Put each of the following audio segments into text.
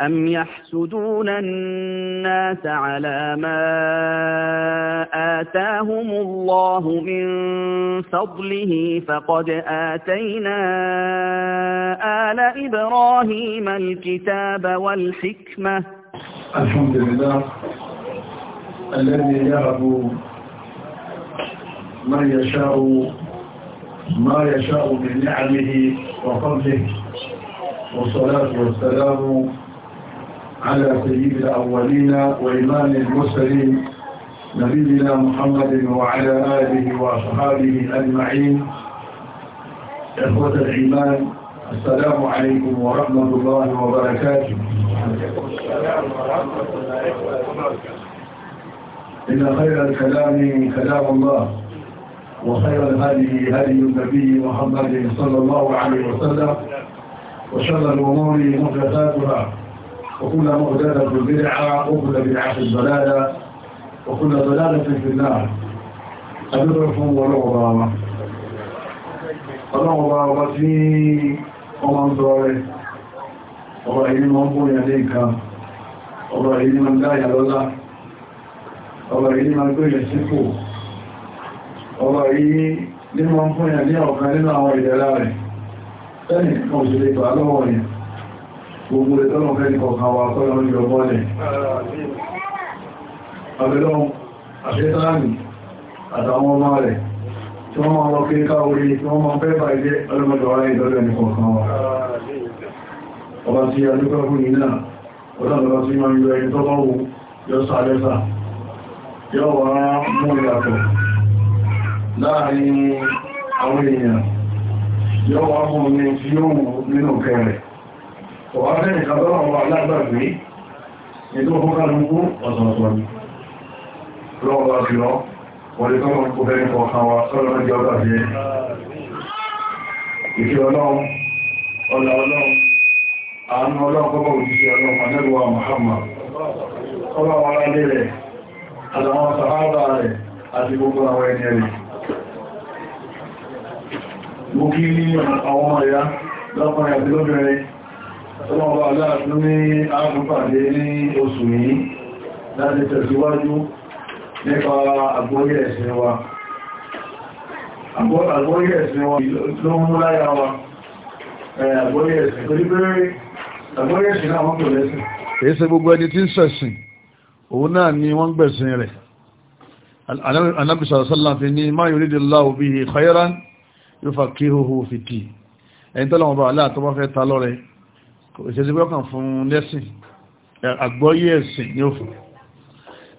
أم يحسدون الناس على ما آتاهم الله من فضله فقد آتينا آل إبراهيم الكتاب والحكمة الحمد لله الذي يعرف ما يشاء ما يشاء من نعمه وفضله والصلاة والسلام على سيد الأولين وإمام المرسلين نبينا محمد وعلى آله وأصحابه أجمعين إخوة الإيمان السلام عليكم ورحمة الله وبركاته إن خير الكلام كلام الله وخير الهدي هدي النبي محمد صلى الله عليه وسلم وشر الأمور محدثاتها وكل مؤدلة بدعة وكل بدعة ضلالة وكل ضلالة في النار أدركم ولغضامة ọlọ́wọ́wọ́ tí ọmọ ń sọ rẹ̀ ọba ìní ma ń bóyá ní ìka ọba ìní ma ń dáyà lọ́lá ọba ìní ma ń gbéyà sípò ọba ìní ní ma ń bóyá ní ọ̀kan nínú àwọn ìdẹ̀lá rẹ̀ tẹ́nì kan òṣèlè pàálọ́wọ́ yẹn gbogbo ìtọ́nà fẹ́ ní kọ̀ọ̀kan wa tọ́lọ ní ọgbọ́lẹ̀ abẹ́lọ́un àṣẹ́tàánì àtàwọn ọmọ rẹ̀ tí wọ́n máa lọ kí ká orí tí wọ́n máa fẹ́ bá ilé ọlọ́mọdọ̀ wáyé ìtọ́lẹ̀ ní kọ̀ọ̀kan wa ọba tí a dúpẹ́ fún ní náà ọlọ́mọdọ̀ tí máa ń yọ ẹni tọ́lọ́ wù yọ sàlẹ́sà yọ wà mú ìyàtọ̀ láàrin àwọn èèyàn yọ wà mú ní tí yóò mú nínú kẹrẹ̀ ọ̀wá fẹ́ni ìjọdọ́rọ̀ ọmọ alágbàgbé ètò ọkọ̀kàlùkú ọ̀sọ̀ọ̀sọ̀ ni lọ́wọ́ bá fi lọ wọlé tọ́lọ́ kó fẹ́ nípa ọ̀kan wa sọ́lọ́ ní ọgbà jẹ́ ìfẹ́ ọlọ́run ọlá ọlọ́run àánú ọlọ́run kọ́kọ́ òjíṣẹ́ ọlọ́run anẹ́lúwà Muhammad ọlọ́run alálẹ́ rẹ̀ àtàwọn sàhábà rẹ̀ àti gbogbo àwọn ẹni rẹ̀ mo kí ní àwọn ọmọ ìyá lọ́kùnrin àti lóbìnrin ọlọ́ọ̀bá aláàtú ní àmúpàdé ní oṣù yìí láti tẹ̀síwájú nípa àgbóyé ẹ̀sìn wa àgbóyé ẹ̀sìn wa ló mú láyá wa àgbóyé ẹ̀sìn torí bẹ́rẹ̀ àgbóyé ẹ̀sìn náà wọ́n tó lẹ́sìn èyí ṣe gbogbo ẹni tí ń ṣẹ̀sìn òun náà ni wọ́n gbẹ̀sìn rẹ̀ anábìsà sálàm fi ìṣẹ́sí pẹ́ọ̀kan fún lẹ́sìn àgbọ́yé ẹ̀sìn ní ó fún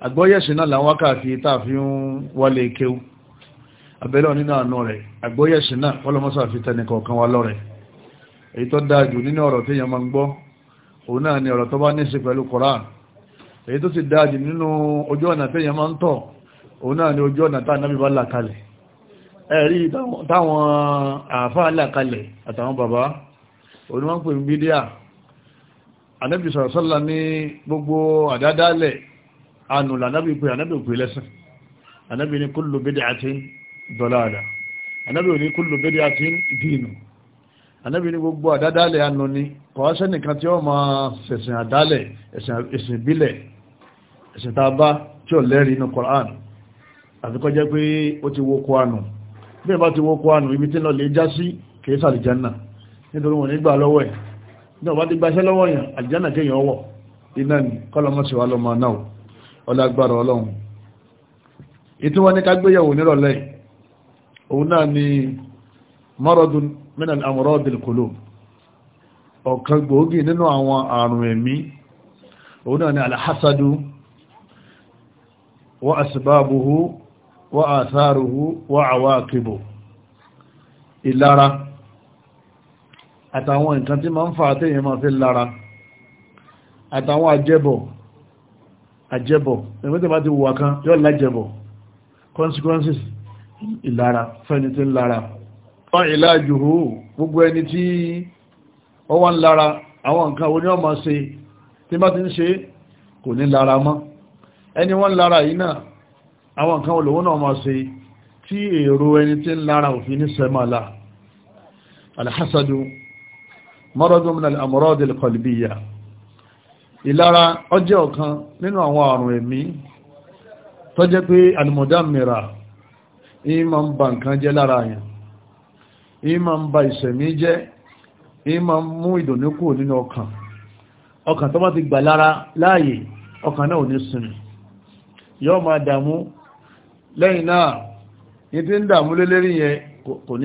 àgbọ́yé ẹ̀sìn náà làwọn wákàtí tààfi ń wálé kéwú abẹ́lọ́ nínú àánú rẹ̀ àgbọ́yé ẹ̀sìn náà wọ́lọ́mọ́sà fi tẹnì kọ̀ọ̀kan wá lọ́rẹ̀ èyí tó dáa jù nínú ọ̀rọ̀ tí yẹn máa ń gbọ́ òun náà ni ọ̀rọ̀ tó bá ní sí pẹ̀lú Koran anábì sọ̀rọ̀sọ́lá ní gbogbo àdádálẹ̀ anùlà anábì pé anábì pé lẹ́sìn anábì ní kullu bid'atin dalalah anábì ní kullu bid'atin dínù anábì ní gbogbo àdádálẹ̀ anù ni kọ̀ọ́sẹ́ nìkan tí ó ma ṣẹ̀sìn àdálẹ̀ ẹ̀sìn ìbílẹ̀ ẹ̀sìn tàbá tí ó lẹ́rìí inú Qur'an àfikọ́ jẹ́ pé ó ní ọba ti gbaṣẹ́ lọ́wọ́ yàn àlìjánà kéèyàn ọwọ́ iná ni kọ́lọmọ́síwá lọ́mọ náà ọlágbára ọlọ́run ìtí wọ́n ní ká gbéyàwó nírọ̀lẹ́ òun náà ni maradun min al-amradil qulub ọ̀kan gbòógì nínú àwọn àrùn ẹ̀mí òun náà ni alhassadu wa asbabuhu wa atharuhu wa awaqibu ìlara àtàwọn nǹkan tí ma ń fa àtẹ́yìn ma fi lára àtàwọn àjẹbọ̀ àjẹbọ̀ ẹgbẹ́tẹ̀ bá ti wà kan yóò lájẹbọ̀ consequences ìlara fẹ́ni tí ń lára wọ́n ìlàjù hù gbogbo ẹni tí ó wá ń lára àwọn nǹkan oní ọmọ ṣe tí bá ti ń ṣe kò ní lára mọ́ ẹni wọ́n lára yìí náà àwọn nǹkan olówó náà máa ṣe tí èrò ẹni tí ń lára òfin ní sẹ́mọ́lá alhassadu mọ́rọ́dún minal amọ́rọ́dún kọlbíyà ìlara ọjẹ́ ọ̀kan nínú àwọn àrùn ẹ̀mí tó jẹ́ pé alìmọ̀dámìra ìmá ń ba nǹkan jẹ́ lára yẹn ìmá ń ba ìṣẹ̀mí jẹ́ ìmá ń mú ìdùnnúkù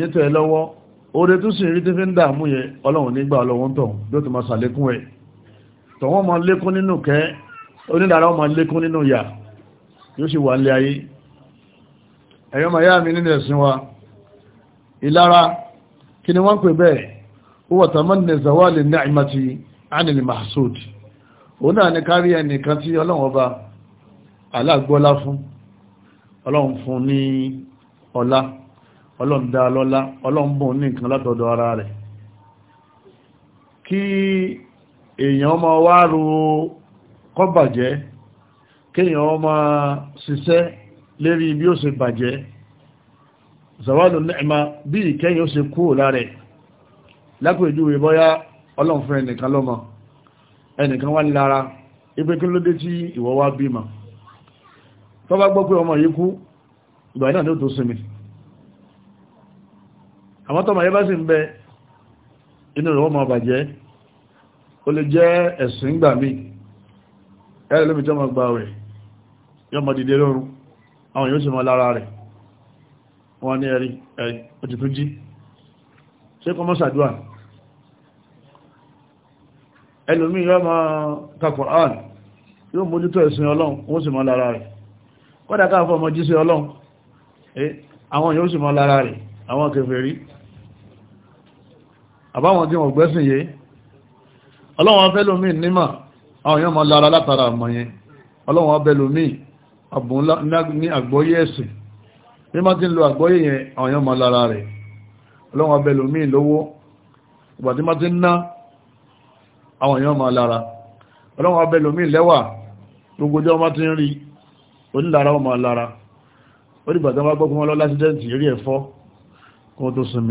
ní kò oore tó sì rí tí fi ń dààmú yẹ ọlọ́run nígbà ọlọ́run tọ̀ bí ó ti máa sàlékún ẹ̀ tọ̀wọ́n máa lékún nínú kẹ́ onídàárá máa lékún nínú yà yóò sì wà ń lé ayé ẹ̀yọ́ máa yá mi nínú ẹ̀sìn wa ìlara kí ni wọ́n pè bẹ́ẹ̀ ó wọ̀ tàmán ní zawali ni'mati anil mahsud ó náà ní kárí ẹnìkan tí ọlọ́run ọba aláàgbọ́lá fún ọlọ́run fún ní ọlá ọlọ́ndà lọ́lá ọlọ́mbùn ní nǹkan látọ̀dọ̀ ara rẹ̀ kí èèyàn ọmọ wá ro kọ́bàjẹ́ kéèyàn ọmọ ṣiṣẹ́ lérí bí ó ṣe bàjẹ́ zawalu ni'ma bí ìkẹyìn ó ṣe kú lárẹ̀ lápèjúwe bọ́yá ọlọ́nfẹ́ ìgbà náà ní ó tó sinmi àwọn tọ́mà yẹ́ bá sì ń bẹ inú rẹ̀ wọ́n ma bàjẹ́ ó lè jẹ́ ẹ̀sìn gbà mí ẹ̀rẹ̀ lómi jọmọ gbà rẹ̀ yọmọ dìde lọ́rùn àwọn yóò sì mọ lára rẹ̀ wọ́n ní ẹ̀rí ẹ̀rí ó ti tún jí ṣé kọ́ mọ́ ṣàdúrà ẹlòmí yọ ma ka Qur'an yóò mójútó ẹ̀sìn ọlọ́run wọ́n sì mọ lára rẹ̀ kọ́dà àbáwọn tí wọ́n gbẹ́sìn yé ọlọ́wọ́n fẹ́ lómi nímọ̀ àwọn èèyàn mọ́ lára látara àmọ́ yẹn ọlọ́wọ́n abẹ́ lómi ní àgbọ́yé ẹ̀sìn bí má ti ń lo àgbọ́yé yẹn àwọn èèyàn mọ́ lára rẹ̀ ọlọ́wọ́n abẹ́ lómi lówó ìgbà tí má ti ń ná àwọn èèyàn mọ́ lára ọlọ́wọ́n abẹ́ lẹ́wà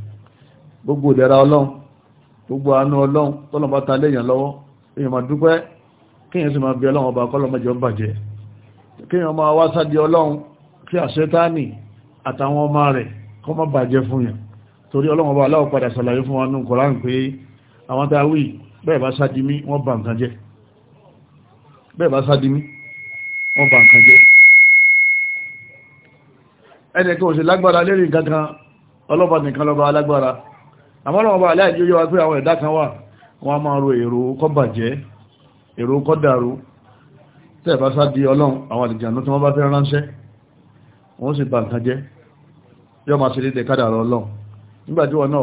gbogbo ìdẹ̀ra ọlọ́run gbogbo àánú ọlọ́run tọ́lọ̀bá ta léèyàn lọ́wọ́ èèyàn máa dúpẹ́ kíyàn sì máa bí ọlọ́run ọba kọ́lọ́mọjọ bàjẹ́ kíyàn máa wá sáàdì ọlọ́run kí àṣetáàní àtàwọn ọmọ rẹ̀ kọ́ má bàjẹ́ fún yàn torí ọlọ́run ọba aláwọ̀ padà sàlàyé fún wa nù kọ́rán pé àwọn tá a wí bẹ́ẹ̀ bá sáàdì mí wọ́n bà nǹkan jẹ́ bẹ́ẹ̀ bá sáàdì mí wọ́n bà nǹkan jẹ́ ẹnì kan ò sì lágbára lérí nǹkan kan ọlọ́ba nìkan lọ́ba alágbára àmọ́lọ́wọ́ bá aláìjẹ́ yíwa pé àwọn ẹ̀dá kan wà wọ́n máa ro èrò kọ́bàjẹ́ èrò kọ́dàrú tẹ́ẹ̀bá sáàdì ọlọ́run àwọn àlìjànú tí wọ́n bá fẹ́ ránṣẹ́ wọ́n sì bá nǹkan jẹ́ yọ́ máa ṣe dédé kádàrọ ọlọ́run nígbàtí wọn náà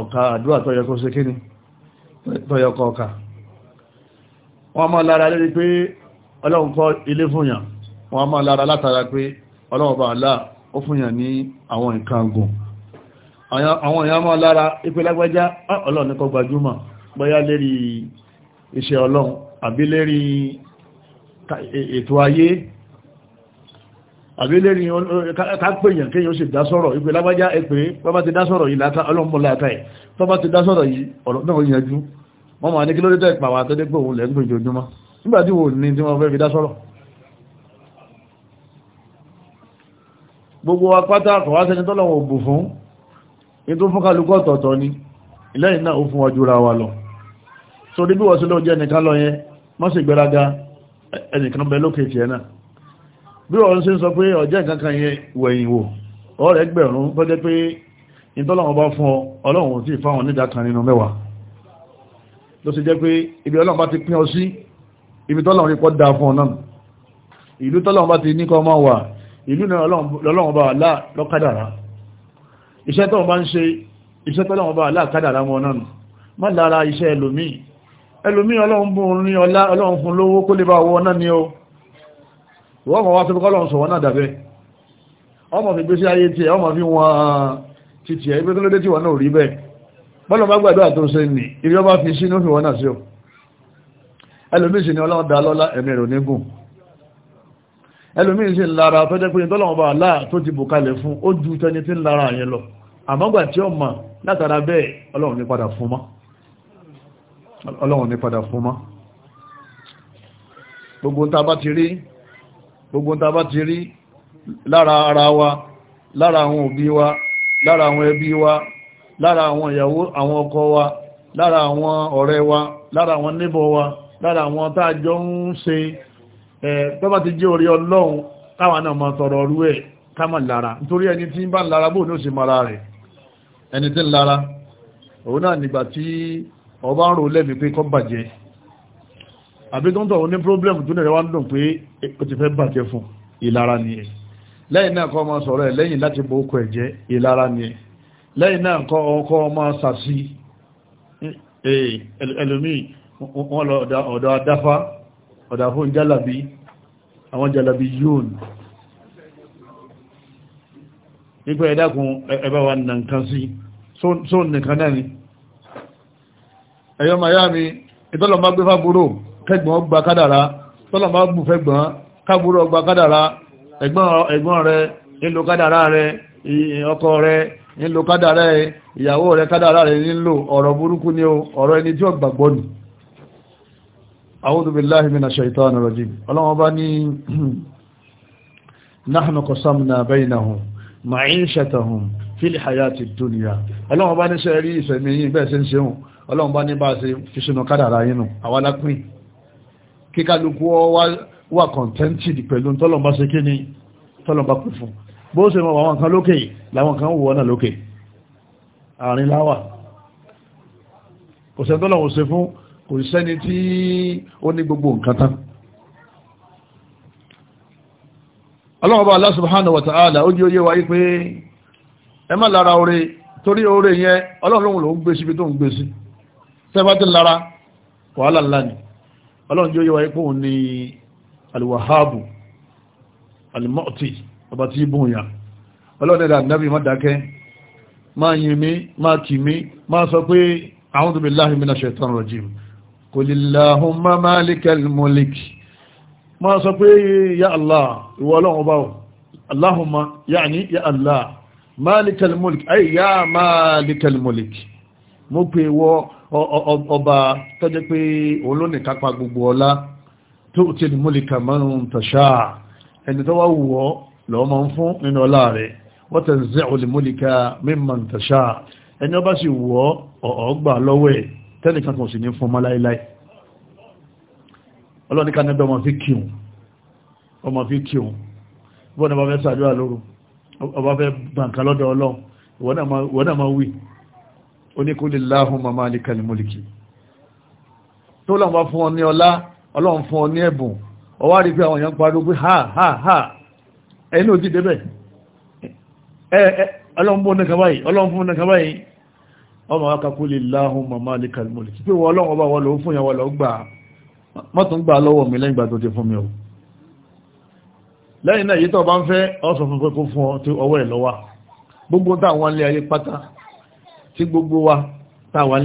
ọ̀ka àdúrà tó yẹ kó ṣe kíni tó yẹ kó ọ̀ka àwọn èèyàn mọ́ lára ipé lágbájá ọlọ́run nìkan gbajúmọ̀ bóyá lérí iṣẹ́ ọlọ́run àbí lérí e, ètò ayé àbí lérí kápèyàn kéyàn sì dásọ̀rọ̀ ipé lágbájá ẹgbẹ́ bọ́bá ti dásọ̀rọ̀ yìí látà ọlọ́mọ látà ẹ̀ bọ́bá ti dásọ̀rọ̀ yìí ọ̀rọ̀ náà yanjú wọ́n ma ní kí lórí tẹ́ẹ̀pà wà tẹ́lẹ́ pé òun lẹ́ ń pè jojúmọ́ nígbàtí wò ní tí wọ́n fẹ́ gbogbo apáta kọ̀wá sẹ́ni tọ́lọ́wọ̀n òbù fún ètò fún kálukọ́ ọ̀tọ̀ọ̀tọ̀ ni ilẹ́yìn náà ó fún wa jura wa lọ so ní bí wọ́n sí lọ jẹ́ ẹnìkan lọ yẹn má ṣe gbéraga ẹnìkan bẹ lókè tiẹ̀ náà bí wọ́n sí sọ pé ọjẹ́ ìkankan yẹn wẹ̀yìn wò ọ̀rẹ́ gbẹ̀rún tó jẹ́ ibi ọlọ́run bá ti pín ibi tọ́lọ́run rí pọ́ dáa ìlú tọ́lọ́run bá ti ní kọ́ máa wà ìlú náà ọlọ́run bá wà láà lọ́kádàrá iṣẹ́ tó bá ń ṣe iṣẹ́ tó lọ́wọ́ bá aláàkádà lámọ́ náà má lára iṣẹ́ ẹlòmí ẹlòmí ọlọ́run fún lówó kó lè bá wọ náà ni ó wọ́n mọ̀ wá tó kọ́ lọ́run sọ̀wọ́n náà dàbẹ́ ọmọ fi gbésí ayé tí ẹ ọmọ fi wọn títí ẹ ibẹ́tọ́ tó ṣe ẹlòmíín sì ń lára tó jẹ́ pé ní tọ́lọ́wọ́n bá aláà tó ti bùkalẹ̀ fún ó ju tẹni tí ń lára yẹn lọ àmọ́gbà tí ó mà látara bẹ́ẹ̀ ọlọ́run ní padà fún mọ́ ọlọ́run ní padà fún mọ́ gbogbo ń ta bá ti rí gbogbo ń ta bá lára àwọn ìyàwó àwọn ọkọ wa lára àwọn ọ̀rẹ́ wa lára àwọn níbọ̀ wa lára àwọn táàjọ ń ṣe tọ́bá ti jẹ́ orí ọlọ́run káwà náà ma sọ̀rọ̀ ọrú ẹ̀ kámà lára nítorí ẹni tí ń bá lára bóò ní ó ṣe mara rẹ̀ ẹni tí ń lára òun náà nígbà tí ọba ń rò lẹ́mí pé kọ́ bàjẹ́ àbí tó ní problem tó nẹ̀rẹ̀ wá ń dùn pé ó ti fẹ́ bàjẹ́ fún ìlara ni ẹ̀ lẹ́yìn náà kọ́ ma sọ̀rọ̀ ẹ̀ lẹ́yìn láti bo okò ẹ̀jẹ́ ìlara ni ẹ̀ lẹ́yìn náà kọ́ ọkọ́ ma sàsí ẹlòmíì wọ́n lọ ọ̀dọ̀ adáfá ọ̀dà fún jálàbí àwọn jálàbí yóòn nípa ẹ̀dàkùn ẹ̀bá wa nà nǹkan sí só nìkan náà ni ẹ̀yọ́ miami ìtọ́lọ̀ má gbé fábúrò kẹgbọ́n gba kádàrá tọ́lọ̀ kábúrò gba kádàrá rẹ nílò kádàrá rẹ ọkọ rẹ nílò kádàrá ìyàwó rẹ kádàrá rẹ nílò ọ̀rọ̀ burúkú ni ọ̀rọ̀ ẹni tí أعوذ بالله من الشيطان الرجيم اللهم بني نحن قسمنا بينهم معيشتهم في الحياة الدنيا اللهم بني سيري سميين بẹ́sẹ̀ ń seun ọlọ́run bá ní bá ṣe fi sínú kádàrà yínú àwálápín kíkàlùkù wà contented pẹ̀lú tọ́lọ̀ bá ṣe kí ni tọ́lọ̀ bá kú fún bó ṣe mọ̀ àwọn kan lókè láwọn kò sẹ́ tọ́lọ̀ fún kò sẹ́ni tí ó ní gbogbo nǹkan tán ọlọ́wọ́bá Allah subhanahu wa ta'ala ó jí ó yé wáyé pé ẹ má lára oore torí oore yẹn ọlọ́run ló ń gbé síbi tó ń gbé sí sẹ́fàtí lára wàhálà ńlá ni ọlọ́run jí ó yé wáyé ni alwahabu ọba tí bùn yà ọlọ́run ẹ̀dà má dákẹ́ kòlìláhùnmá máàlìkẹ̀lmọ́lìk ma sọ pé ya Allah ìwọ ọlọ́run ọba o Allahumma ya'ni ya Allah máàlìkẹ̀lmọ́lìk ay ya máàlìkẹ̀lmọ́lìk mo pè wọ ọba tó jẹ́ pé òun ló ní kápá gbogbo ọlá tó ti ní múlìkà márùn-ún tàṣà ẹni tó wá wù ọ́ lọ́ọ́ máa ń tẹ́nì kankan sì ní fún ọmọ láíláí ọlọ́ni ká níbẹ̀ ọmọ fi kíun ọmọ fi kíun bọ́n náà bá fẹ́ sàájú àlóru ọba fẹ́ gbàǹkan lọ́dọ̀ ọlọ́run ìwọ́n náà máa wí oníkúlè láhùn mamá alikali mólìkì tó ọlọ́run fún ọ ní ha ha ha ẹni ò ti débẹ̀ ọlọ́run fún ọ ní kan báyìí ọlọ́run fún ọmọ akakúlì láhùn mọ̀má alìkàlmùlì tí pé wọ́n ọlọ́run ọba wọ́n lọ fún ìyàwó lọ gbà mọ́tún gbà lọ́wọ́ mi lẹ́yìn ìgbà tó ti fún mi o lẹ́yìn náà yìí tó bá ń fẹ́ ọ́sọ fún pé kó fún ọ tí ọwọ́ ẹ̀ lọ́wà gbogbo táwọn ilé ayé pátá tí gbogbo wa ọlọ́run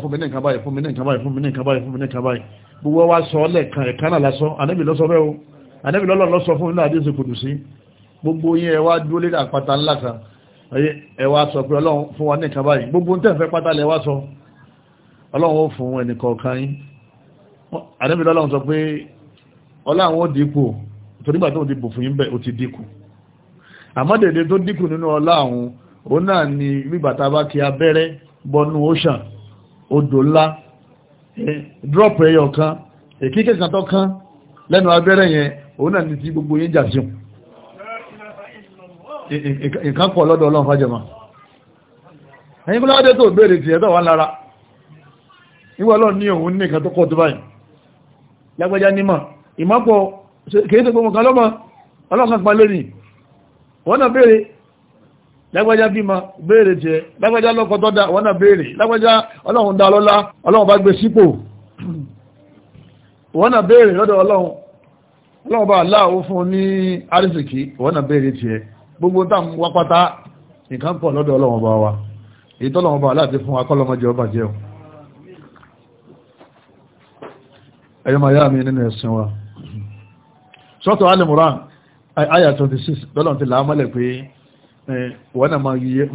fún mi ní nǹkan fún mi ní nǹkan fún mi ní nǹkan gbogbo wa sọ lẹ́ẹ̀kan ẹ̀kan náà lásán ànábì lọ́sọ o ànábì lọ́lọ́ lọ sọ fún nínú àdíṣe kùdùsí gbogbo yín ẹ wá dúró lórí àpáta ńlá kan ẹ wá sọ pé ọlọ́run fún wa nìkan báyìí gbogbo ń tẹ́fẹ́ pátá lẹ wá sọ ọlọ́run ó fún ẹnìkọ̀ọ̀kan yín ànábì lọ́lọ́run ni bíbàtà bá kí abẹ́rẹ́ bọnú ocean drop ẹyọ kan èkíkẹ́ kan tó kán lẹ́nu abẹ́rẹ́ yẹn òun náà ní ti gbogbo yẹn sí òun nǹkan pọ̀ lọ́dọ̀ ọlọ́run fájọmọ́ ẹ̀yìn kúlọ́ adé tó béèrè tìyẹ́ tó wà lára ìwọ ọlọ́run ní òun nìkan tó kọ́ tó báyìí nímọ̀ ìmọ́pọ̀ kìí tó gbogbo ọlọ́kan pa wọ́n náà bímọ wọ́n náà ọlọ́run dá lọ́lá ọlọ́run bá gbé sípò wọ́n náà lọ́dọ̀ ọlọ́run ọlọ́ọ̀bá aláwọ̀ fún ní àrísìkí wọ́n bèèrè tí ẹ gbogbo táwọn wápátá nǹkan pọ̀ lọ́dọ̀ ọlọ́ọ̀bá wa ìtọ́lọ̀ọ̀bá aláti fún akọ́lọmọjẹ ọba jẹ́ ẹ̀yọ́mayámi nínú ẹ̀sìn wa sọ́tọ̀ alimuran aya 26 lọ́lọ́n ti láàmọ́lẹ̀ pé wọ́n na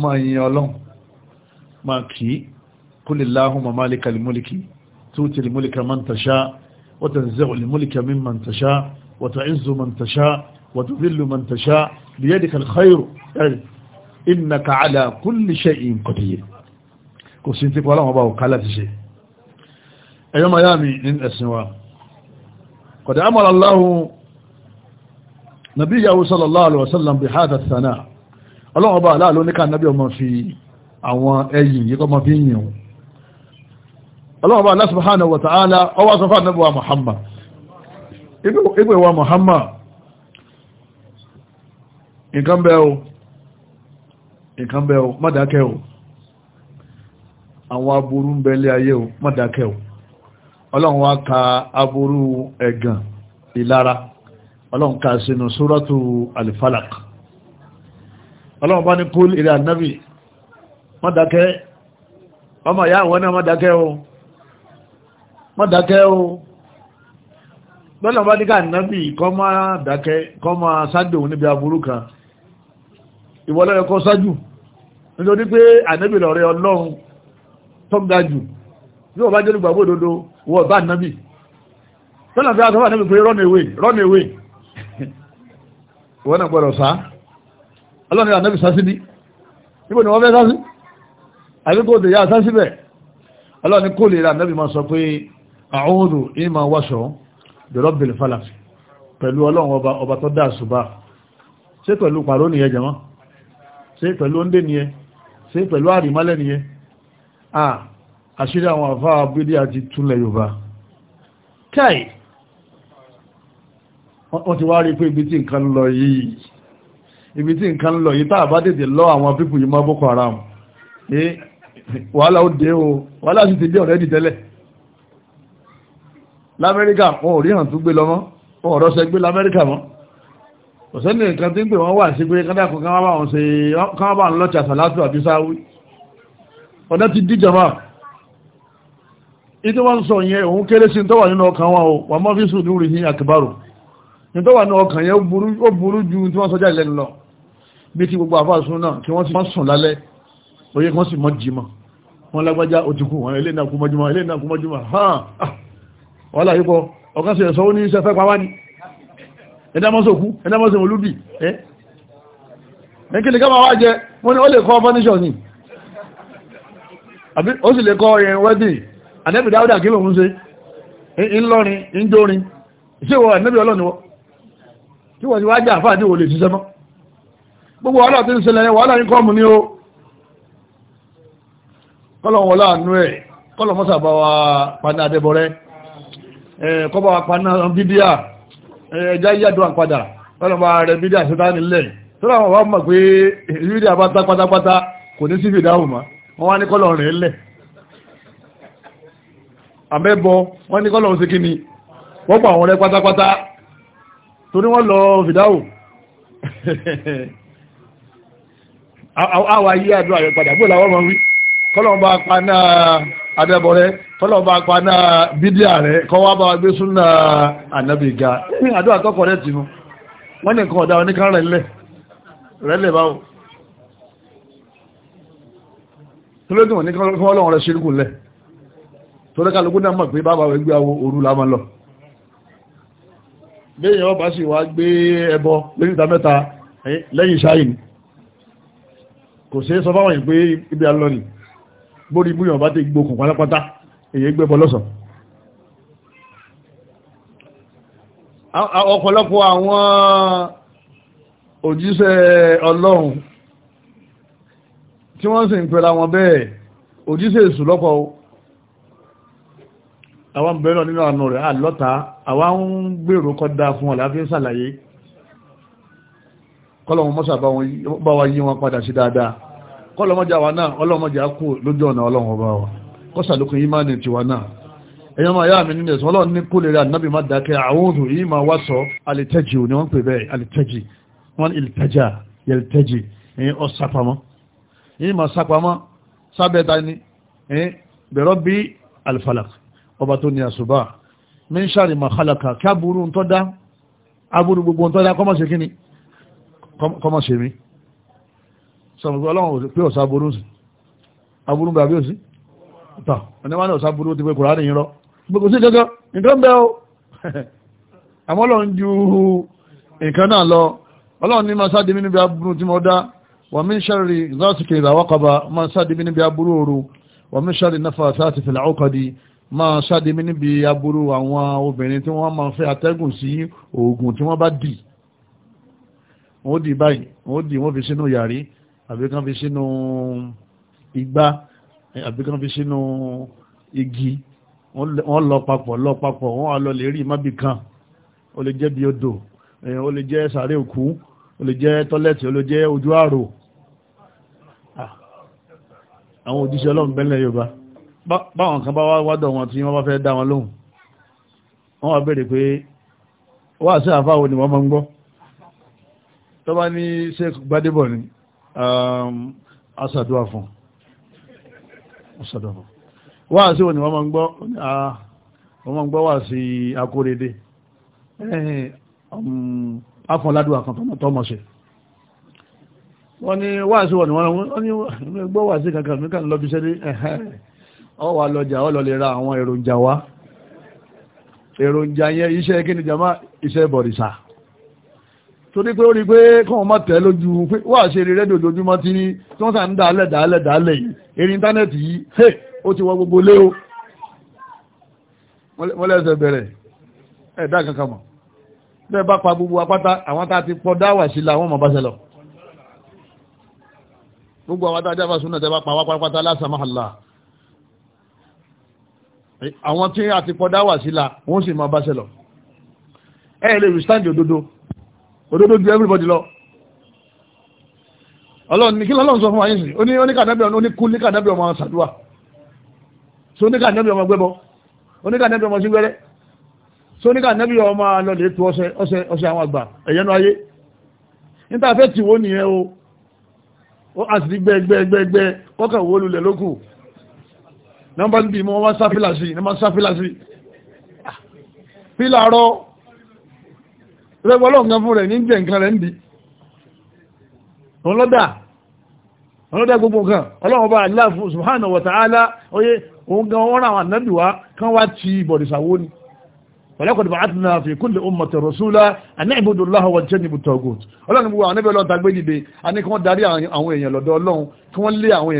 máa yin ọlọ́n máa kí kúlìláhùn máa lè kàlìmúlìkì tó tìlìmúlìkà máa ń وتعز من تشاء وتذل من تشاء بيدك الخير إنك على كل شيء قدير kò sí tí pọ́lá wọn bá òkà láti ṣe ẹ̀yọ́ miami ní ẹ̀sìn wa kọ̀dá amọ̀rọ̀ aláhùn nàbí ìyàwó sallallahu alaihi wasallam bí hádà sànà ọlọ́wọ́ bá aláàlọ́ ní ká nàbí ọmọ fi àwọn ẹ̀yìn yíkọ́ ma fi yìn ọlọ́wọ́ bá aláṣùbáhánà wàtàálà ọwọ́ sọfà nàbí wa Muhammad ìpè wa Muhammad nǹkan bẹ́ o nǹkan bẹ́ o má o àwọn aburú ń bẹ ayé o má o ọlọ́run wá ka aburú ẹ̀gàn ìlara ọlọ́run ka sínú alifalak ọlọ́run bá ní kúl ilẹ̀ annabi má ọmọ ìyá àwọn náà má o má o bẹ́lá bá díkà náàbì kọ́ máa dákẹ́ kọ́ máa sáàdùn níbi aburú kan ìwọlẹ́ ẹ̀kọ́ sáájú nítorí pé ànábì lọ̀rẹ́ ọlọ́run tó ga jù bí jẹ́ olùgbàgbọ́ òdodo wọ́n bá náàbì bẹ́lá bí wọ́n náàbì pé run away run away wọ́n náà gbọ́dọ̀ sá ọlọ́run ànábì sá síbi níbo ni wọ́n fẹ́ sá sí àbí kò dè yá sá síbẹ̀ ọlọ́run kò lè rà náàbì máa sọ pé a'udhu ìmọ̀ bẹ̀rọ bẹ̀rẹ̀ falak pẹ̀lú ọlọ́run ọba ọba tó dá àṣùbà ṣé pẹ̀lú pàró nìyẹn jẹ̀mọ́ ṣé pẹ̀lú oúnjẹ nìyẹn ṣé pẹ̀lú àrìmọ́lẹ̀ nìyẹn Ah, àṣírí àwọn àfá abídí àti túnlẹ̀ yorùbá káì wọ́n ti wá rí pé ibi tí nǹkan lọ yìí ibi tí nǹkan lọ yìí táà bá dèdè lọ àwọn pípù yìí mọ́ boko haram eh, wàhálà ó dé o wàhálà sì ti dé ọ̀rẹ́dì tẹ́lẹ̀ lamẹ́ríkà wọn ò rí hàn tó gbé lọ mọ́ wọn ọ̀rọ̀ sẹ gbé lamẹ́ríkà mọ́ ọ̀sẹ́ni nǹkan tí ń pè wọ́n wà sí pé kádàkùn kan wá wọn ṣe kan wá ń lọ́ọ̀tì àsàlátù àbí sáwí ọ̀dá ti díjọba ìtí wọ́n sọ yẹn òun kéré sí tó wà nínú ọkàn wọn o wà mọ́ fi sùn lórí ní àkìbárò ní tó wà nínú ọkàn yẹn ó burú ju tí wọ́n ọlá yípo ọ̀kan sí ẹ̀sọ́ ní iṣẹ́ fẹ́ pa wá ní ẹ̀dámọ́sòkú ẹ̀dámọ́sòkú olúbì ẹ́ ẹ̀kí lè ká máa wá jẹ wọ́n ni ó lè kọ́ fọ́níṣọ̀ ní àbí ó sì lè kọ́ ẹ̀yẹn wedding ànẹ́bì dáúdà kí lòun ṣe ńlọrin ńjórin ìṣèwọ ànẹ́bì ọlọ́niwọ́ tí lè ṣiṣẹ́ mọ́ gbogbo ẹ̀ kọ́lọ̀ mọ́sàbáwà paná adébọ̀rẹ́ kọ́bà wa paná bídíà ẹjá yíyàdó àpadà ọlọ́mà rẹ̀ bídíà sí táà nílẹ̀ tọ́lá wọn wá mọ̀ pé bídíà bá tá pátápátá kò ní sí fìdáhùn mọ́ wọ́n wá ní kọ́lọ̀ rẹ̀ lẹ̀ àmẹ́bọ wọ́n ní kọ́lọ̀ sí kíni wọ́n pa àwọn rẹ̀ pátápátá torí bó làwọn mọ̀ wí kọ́lọ̀ bá paná abẹ́bọ̀rẹ́ tọ́lọ́ba paná bídíà rẹ̀ kọ́ wá bá gbé súnà ànábì ga ní àdúrà tọ́kọ̀ rẹ̀ tìǹú wọ́n ní nǹkan ọ̀dà oníkan rẹ̀ lẹ̀ rẹ̀ lẹ̀ báwo tolóògùn wọn ní kí wọ́n lọ́wọ́ rẹ̀ ṣírùkù lẹ̀ torí kálukú náà mọ̀ pé bàbá rẹ̀ gbé awo òru la máa lọ lẹ́yìn ọba sì wá gbé ẹbọ lẹ́yìn ìta mẹ́ta lẹ́yìn ṣáyìn kò sí sọ fáwọn yìí pé ibi alọ́ni bórí mú yọ̀nbá ti gbókùn pátápátá èyí gbẹ́bọ lọ́sàn ọ̀pọ̀lọpọ̀ àwọn òjíṣẹ́ ọlọ́run tí wọ́n sì ń pẹ̀lá wọn bẹ́ẹ̀ òjíṣẹ́ èṣù lọ́pọ̀ àwọn bẹ̀rẹ̀ nínú àánú rẹ̀ àlọ́ta àwọn ń gbèrò kọ́dá fún ọ̀láfíẹ́ sàlàyé kọ́lọ̀wọ̀n mọ́sà bá wa yí wọn padà sí dáadáa kọ́lọ́mọ́jà wa náà ọlọ́mọ́jà kú lójú ọ̀nà ọlọ́run ọba wa kọ́sàlùkùn ìmáni tiwa náà ẹ̀yàn máa yá mi nínú ẹ̀sùn ọlọ́run ní kúlẹ̀ rẹ̀ ànábì má dákẹ́ àwọ̀hùn yìí máa wá sọ alìtẹ́jì ò ní wọ́n pè bẹ́ẹ̀ alìtẹ́jì wọ́n ìlìtẹ́jà yẹlìtẹ́jì ẹ̀yìn ọ̀sápamọ́ yìí máa sápamọ́ sábẹ́ta ni bẹ̀rọ bí alfalak ọba tó ní àṣùbà min ṣàrì máa kálàkà kí aburú ń tọ́dá aburú gbogbo ń tọ́dá kọ́mọ̀ṣe kí ni kọ́mọ̀ṣe mi sọ̀rọ̀ ọlọ́run pé ọ̀sá burú sí aburú gbàgbé òsí tà ọ̀nẹ́wà náà ọ̀sá burú ti pé kòránì yìí rọ gbogbo sí gẹ́gẹ́ nǹkan bẹ́ o àmọ́ ọlọ́run ju nǹkan náà lọ ọlọ́run ní máa sáde mi níbi aburú tí mo dá wà mí sẹ́rì zásìkè ìràwọ́kọba máa sáde mi níbi aburú òru wà mí sẹ́rì náfà sáti fìlà ọkọ̀dì máa sáde mi níbi aburú àwọn obìnrin tí wọ́n máa fẹ́ atẹ́gùn sí oògùn tí wọ́n bá dì wọ́n dì báyìí wọ́n dì wọ́n fi sínú yàrí àbí kan fi sínú igbá àbí kan fi sínú igi wọ́n lọ papọ̀ lọ papọ̀ wọ́n á lọ lè rí mábì kan ó lè jẹ́ bí odò ó lè jẹ́ sàárè òkú ó lè jẹ́ tọ́lẹ̀tì ó lè jẹ́ ojú àrò àwọn òjíṣẹ́ ọlọ́run bẹ́lẹ̀ yorùbá báwọn kan bá wádọ̀ wọn tí wọ́n bá fẹ́ dá wọn lóhùn wọ́n wá bèèrè pé wá sí àfáwò ni wọ́n máa ń gbọ́ tó bá ní ṣe Um, asàdúwà fún asàdúwà fún wá sí wọn ni wọ́n máa ń gbọ́ wọ́n máa ń gbọ́ wá sí akóredé afọ́ládùwà kan tọ́mọ̀ sí wọ́n ni wá sí wọn ni wọ́n ní gbọ́ wá sí kankan níkan lọ́bíṣẹ́ ní ọwà lọ́jà ọlọ́ lè ra àwọn èròjà wa èròjà yẹn iṣẹ́ kí ni jama iṣẹ́ bọ̀rìṣà torí pé ó rí pé kọ́wọ́n má tẹ̀ lójú pé wà ṣe rí rédíò lójúmọ́ tí ní tí wọ́n sà ń dálẹ̀ dálẹ̀ dálẹ̀ yìí eré íńtánẹ́ẹ̀tì yìí hé ó ti wọ gbogbo lé o wọ́n lẹ́sẹ̀ bẹ̀rẹ̀ ẹ̀dá kankan mọ̀ bẹ́ẹ̀ bá pa gbogbo apáta àwọn tá a ti pọ̀ dáwà sí la wọ́n mọ̀ bá ṣe lọ gbogbo àwọn tá a jáfa súnà tẹ́ bá pa wá pátá lásàmà àlà àwọn tí a ti òdodo òdodo ju everybody lọ ọlọ́run ní kí lọ́lọ́run sọ fún wa yín sí oní oníkàdábì ọmọ oníkú níkàdábì ọmọ sàdúà so oníkàdábì ọmọ gbẹ́bọ oníkàdábì ọmọ sígbẹ́rẹ́ so oníkàdábì ọmọ alọ́lẹ̀ ètò ọ̀sẹ̀ ọ̀sẹ̀ ọ̀sẹ̀ àwọn àgbà ẹ̀yẹ́nu ayé níta fẹ́ tì wó nìyẹn o ó a sì gbẹ́gbẹ́gbẹ́gbẹ́ kọ́kà wó lulẹ̀ lókù nọ́mbà níbi mo wá sáfìlà sí nọ́mbà sáfìlà sí ah, fílà rọ́ rẹwọ́ lọ́nà fún rẹ̀ ní jẹ́ nǹkan rẹ̀ ń di ọlọ́dà ọlọ́dà gbogbo ọlọ́wọ́ bá Allah subhanahu wa ta'ala oyé oun gan wọ́n ra àwọn ànábì wa kan wá ti bọ̀dìsàwó ni walaqad ba'athna fi kulli ummatin rasula an i'budu Allaha wajtanibu at-taghut ọlọ́run gbogbo àwọn ẹbẹ̀ lọ́ta gbé dìde a ní kí wọ́n darí àwọn èèyàn lọ́dọ̀ ọlọ́run kí wọ́n lé àwọn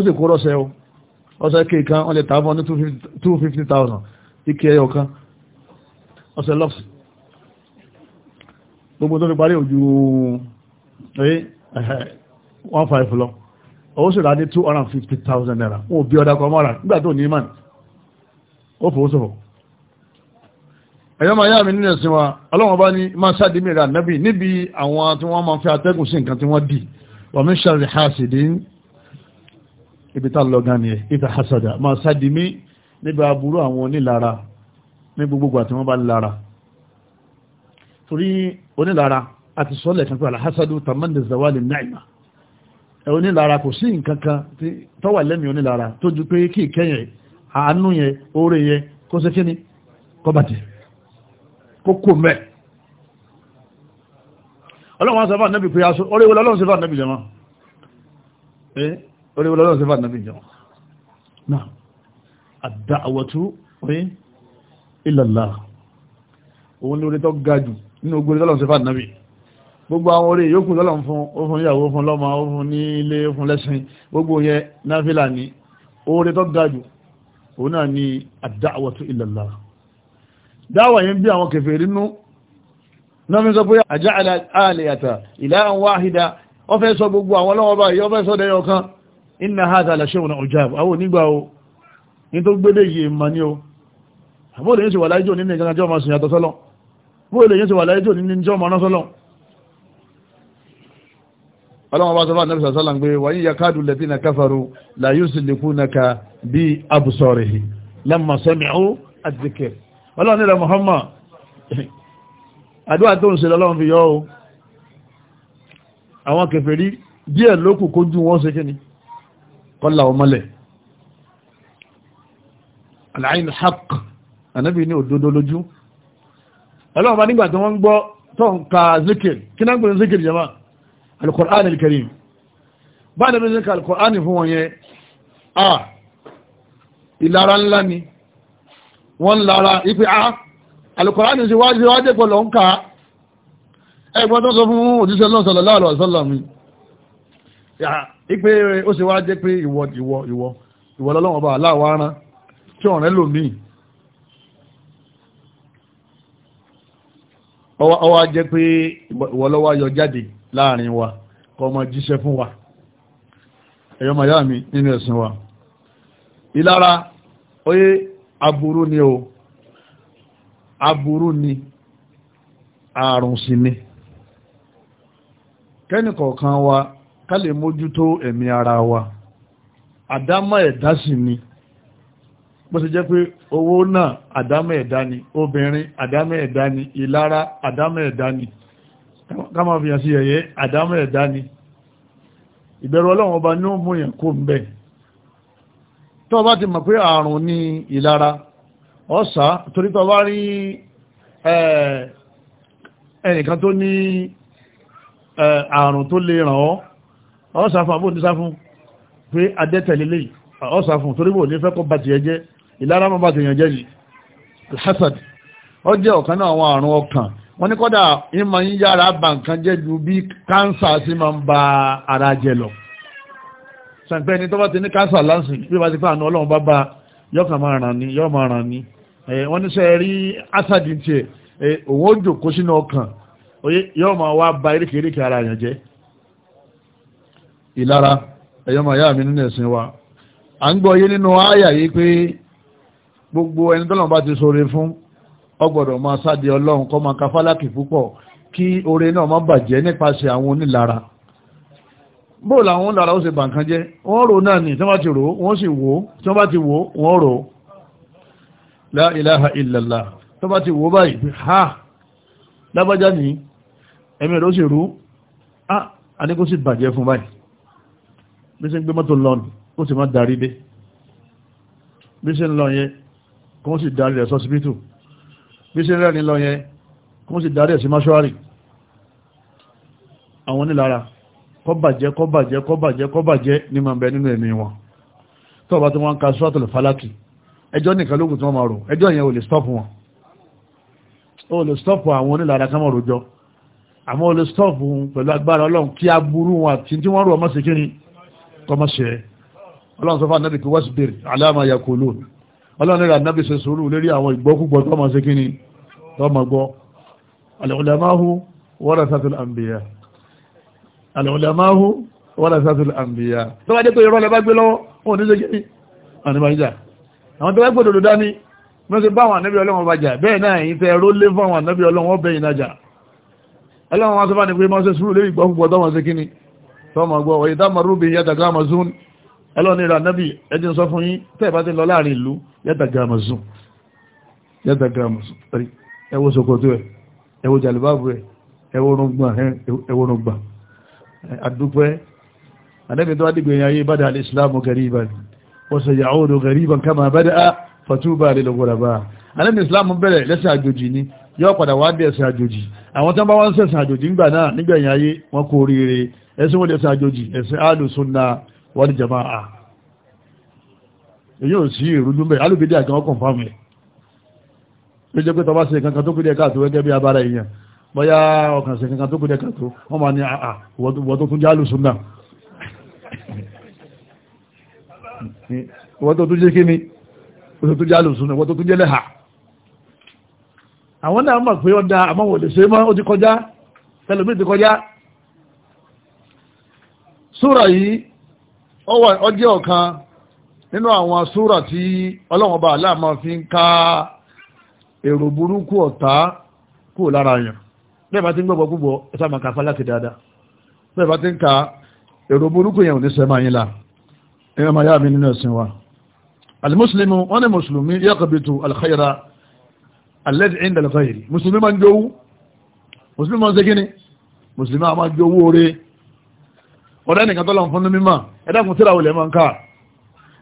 èèyàn ọ̀sẹ̀ kéèkan wọ́n lè tààbọ̀ ní 250,000 ike ẹyọ kan ọ̀sẹ̀ lọ́psì gbogbo tó fi parí ojú one five lọ owó sì rà ní 250,000 naira wọ́n bí ọ̀dà kan mọ́ra nígbà tó ní imán ó fòó sọ̀fọ̀ ẹ̀yọ́ máa yá mi nínú ẹ̀sìn wa ọlọ́wọ́n bá ní máa ṣáàdì mìíràn nẹ́bì níbi àwọn tí wọ́n máa fi atẹ́gùn sí nǹkan tí wọ́n dì wọ́n mi ṣàrì hàṣìdín ibi tá lọ́gán ni ẹ̀ ìta hasada ma sáàdì mí níbà aburú àwọn onílara ní gbogbo àti wọ́n bá lára torí onílara àti sọ́lẹ̀ kan pé alhassadu tamandi zawali naima ẹ onílara kò sí nǹkan kan tó wà lẹ́mí onílara tó ju pé kí ìkẹyẹ àánú yẹn oore yẹn kó ṣe kíni kọbàtì kó kò mẹ́ ọlọ́run sọ fún ànábì pé aṣọ orí sọ fún ànábì jẹ́ orí olóòrùn sí fàtàbí jọ náà àdáwọ̀tú orí ìlàlá òun lórí tó ga jù nínú ogun olóòrùn sí fàtàbí gbogbo àwọn orí yóò kún lọ́lọ́run fún òfin ìyàwó fún lọ́mọ òfin ní ilé fún lẹ́sìn gbogbo yẹn náfílà ní orí tó ga jù òun náà ni àdáwọ̀tú ìlàlá dáwà fẹ́ sọ gbogbo àwọn ọlọ́wọ́ báyìí wọ́n fẹ́ sọ dẹ́yọ kan iná ha tààlà ṣe òun ọjọ́ àwọn onígbà o ní tó gbédé yìí ma ní o bóòlù yín sì wà láìjò nínú ìgbà jọ́ ma sùn yàtọ̀ sọ́lọ́ bóòlù yín sì wà láìjò nínú jọ́ ma ná sọ́lọ́ ọlọ́wọ́n bá sọ fún anẹ́bìsà sọ́lá pé wàyí ya káàdù lẹ́tí kọ́lá ọmọlẹ̀ aláìn haq anábì ní òdodo lójú ọlọ́run bá nígbà tí wọ́n ń gbọ́ tó ń ka zikir kí náà ń gbọ́n zikir jama alukur'an alkarim bá dẹ̀ zikir alukur'an fún wọn yẹn a ìlara ńlá ni wọ́n lára ipe a alukur'an ti wájú wájú pẹ̀lú ń ka ẹgbọ́n tó sọ fún òjíṣẹ́ lọ́sọ̀lọ́lọ́ ipe ó ṣe wá jẹ́ pé ìwọ ìwọ ìwọ ìwọ lọ́lọ́wọ́ bá aláwọ̀ arán tí ọ̀rẹ́ lòmíì ọwá jẹ́ pé ìwọ lọ́wọ́ yọ jáde láàrin wa kó má jíṣẹ́ fún wa ẹ̀yọ́ màyá mi nínú ẹ̀sìn wa ìlara oye aburú ni o aburú ni àrùn sí ni kẹ́nìkọ̀ọ̀kan wa ká lè mójútó ẹ̀mí ara wa àdámọ́ ẹ̀dá sì ni bó ṣe jẹ́ pé owó náà àdámọ́ ẹ̀dá ni obìnrin àdámọ́ ẹ̀dá ni ìlara àdámọ́ ẹ̀dá ni ká máa fi sí ẹ̀yẹ ẹ̀dá ni ìbẹ̀rù ọlọ́run ọba ní ó mú yàn kó ń bẹ̀ tó bá ti mọ̀ pé àrùn ní ìlara ọ̀sá torí tó bá rí ẹnìkan tó ní àrùn tó lè ràn ọ́ ọ̀sàfún àbò nísàfún pé adẹ́tẹ̀lélé ọ̀sàfún torí bò ní fẹ́ kọ́ bàtì ẹjẹ́ ìlara mọ́ bàtì ẹjẹ́ yìí alhassad ó jẹ́ ọ̀kan náà àwọn àrùn ọkàn wọ́n ní kọ́dà ìmọ̀ yí yára bà nǹkan jẹ́ ju bí káńsà sí ma ń ba ara jẹ lọ ni tó bá ti ní bí bá ti ọlọ́run bá yọ́kàn máa ràn ní yọ́ máa ràn ní wọ́n ní sẹ́ rí tiẹ̀ òun ó jòkó sínú ọkàn yọ́ máa wá ba ara jẹ́ ìlara ẹ̀yọ́mà yá mi nínú ẹ̀sìn wa a ń gbọ́ yé nínú àyà yìí pé gbogbo ẹni tọ́lọ̀ bá ti sóre fún ọgbọ̀dọ̀ máa sáde ọlọ́run kọ́ máa ka fálákì púpọ̀ kí oore náà má bàjẹ́ nípasẹ̀ àwọn onílara bó làwọn onílara ó ṣe bàǹkan jẹ́ wọ́n rò náà nì tí wọ́n ti sì wò tí wọ́n ní ẹ̀mí sì bàjẹ́ fún báyìí bí ṣe ń gbé mọ́tò lọ ní kó sì má darí dé bí ṣe ń lọ yẹn kó sì darí rẹ̀ sọ́sibítù bí ṣe ń rẹ́rin lọ yẹn kó sì darí ẹ̀ sí máṣúárì àwọn onílára kọ́bàjẹ́ kọ́bàjẹ́ kọ́bàjẹ́ kọ́bàjẹ́ ní ma bẹ nínú ẹ̀mí wọn tó bá tí wọ́n ń ka sọ́tọ̀lù falákì ẹjọ́ nìkan lókùn tí máa rò ẹjọ́ yẹn ò lè stop wọn ò lè stop àwọn onílára kámọ̀ rojọ́ àmọ́ ò lè stop pẹ̀lú agbára ọlọ́run kí aburú wọn àti tí wọ́n rò ọmọ sí kírin kọ́mọ́ṣẹ́ ọlọ́run sọ fún anábì kí wasbir ala ma yaqulun ọlọ́run nílẹ̀ anábì ṣe sùúrù lérí àwọn ìgbọ́kúgbọ́ tọ́mọ̀ sí kíni tọ́mọ̀ gbọ́ al-ulamahu warathatul anbiya al-ulamahu warathatul anbiya tó bá jẹ́ pé irọ́ lẹ́bá gbé lọ́wọ́ wọn ní ṣe kíni àníbàjá àwọn tó bá gbọ́dọ̀ dání mọ́sí bá àwọn anábì ọlọ́run bá jà bẹ́ẹ̀ náà èyí tẹ́ ró lé fún àwọn tọ́mọ̀ gbọ́ wọ́n ìdámọ̀ rúbi yẹ́dàgá amazon ẹlọ́ni ìrà náàbì ẹjìn sọ fún yín tẹ́ẹ̀bá ti lọ láàrin ìlú yẹ́dàgá amazon yẹ́dàgá amazon ẹwọ́ ṣòkòtò ẹ̀ ẹwọ́ jàlùbáàbù ẹ̀ ẹwọ́ rọgbà àdúpẹ́ anábì tó adìgbè yẹn ayé bada alìsìlámù wá dẹ̀ ẹ̀sìn wọ́n lẹ́sìn àjòjì ẹ̀sìn alùsùnà wal jama'a èyí ò sí ìrújú mẹ́ alùbídí àgbà ọkùn fáwọn ẹ̀ ló jẹ́ pé tọba sí kankan tó kúrẹ́ káàtó gẹ́gẹ́ bí abára èèyàn bọ́yá ọkàn sí kankan tó kúrẹ́ káàtó wọ́n ma ní àà wọ́n tó tún jẹ́ alùsùnà wọ́n tó tún jẹ́ kíní wọ́n tó tún jẹ́ alùsùnà wọ́n tó tún lẹ́hà àwọn náà mọ̀ pé ọ̀dà àmọ́wọ̀lẹ̀ súra yìí ó jẹ́ ọ̀kan nínú àwọn súra tí ọlọ́wọ́n bá Allah máa fi ń ká èrò burúkú ọ̀tá kúrò lára yàn bẹ́ẹ̀ bá ti ń gbọ́gbọ́ púpọ̀ ẹ̀sà máa kàfà láti dáadáa bẹ́ẹ̀ bá ti ń ka èrò burúkú yẹn ò ní sẹ́mà yín la ẹ̀rọ máa yá mi nínú ẹ̀sìn wa alimuslimu ni mùsùlùmí yaqbitu alkhaira ọ̀rẹ́ nìkan tọ́lọ̀ fún ní mímọ̀ ẹ̀dàkùn tíra olè máa ń ká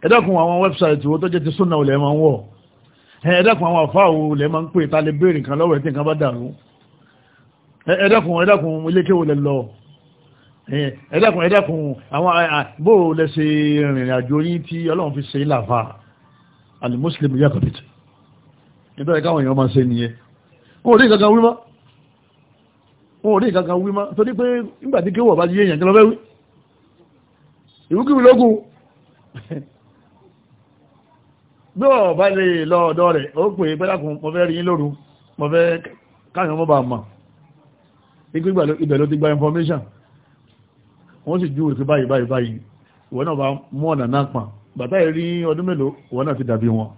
ẹ̀dàkùn àwọn wẹ́bsáìtì wo tó jẹ́ ti súnà olè máa ń wọ̀ ẹ̀dàkùn àwọn àfáà olè máa ń pè ta lè béèrè nǹkan lọ́wọ́ ẹ̀tí nǹkan bá dàrú ẹ̀dàkùn ẹ̀dàkùn ilékè olè lọ ẹ̀dàkùn ẹ̀dàkùn àwọn bó lẹ ṣe rìnrìn bá yé kí lọ fẹ́ wí ìwúkìwì lógún bí ọ̀ bá lè lọ ọ̀dọ́ rẹ̀ ó pè é pẹ́lákùn mo fẹ́ rí yín lóru mo fẹ́ káyàn mọ́ bá mọ̀ ìgbìgbà ti gba information wọ́n sì ju ìpé báyìí báyìí báyìí ìwọ́n náà bá mú ọ̀nà náà pàn bàtà ìrí ọdún mélòó ìwọ́n náà ti dàbí wọn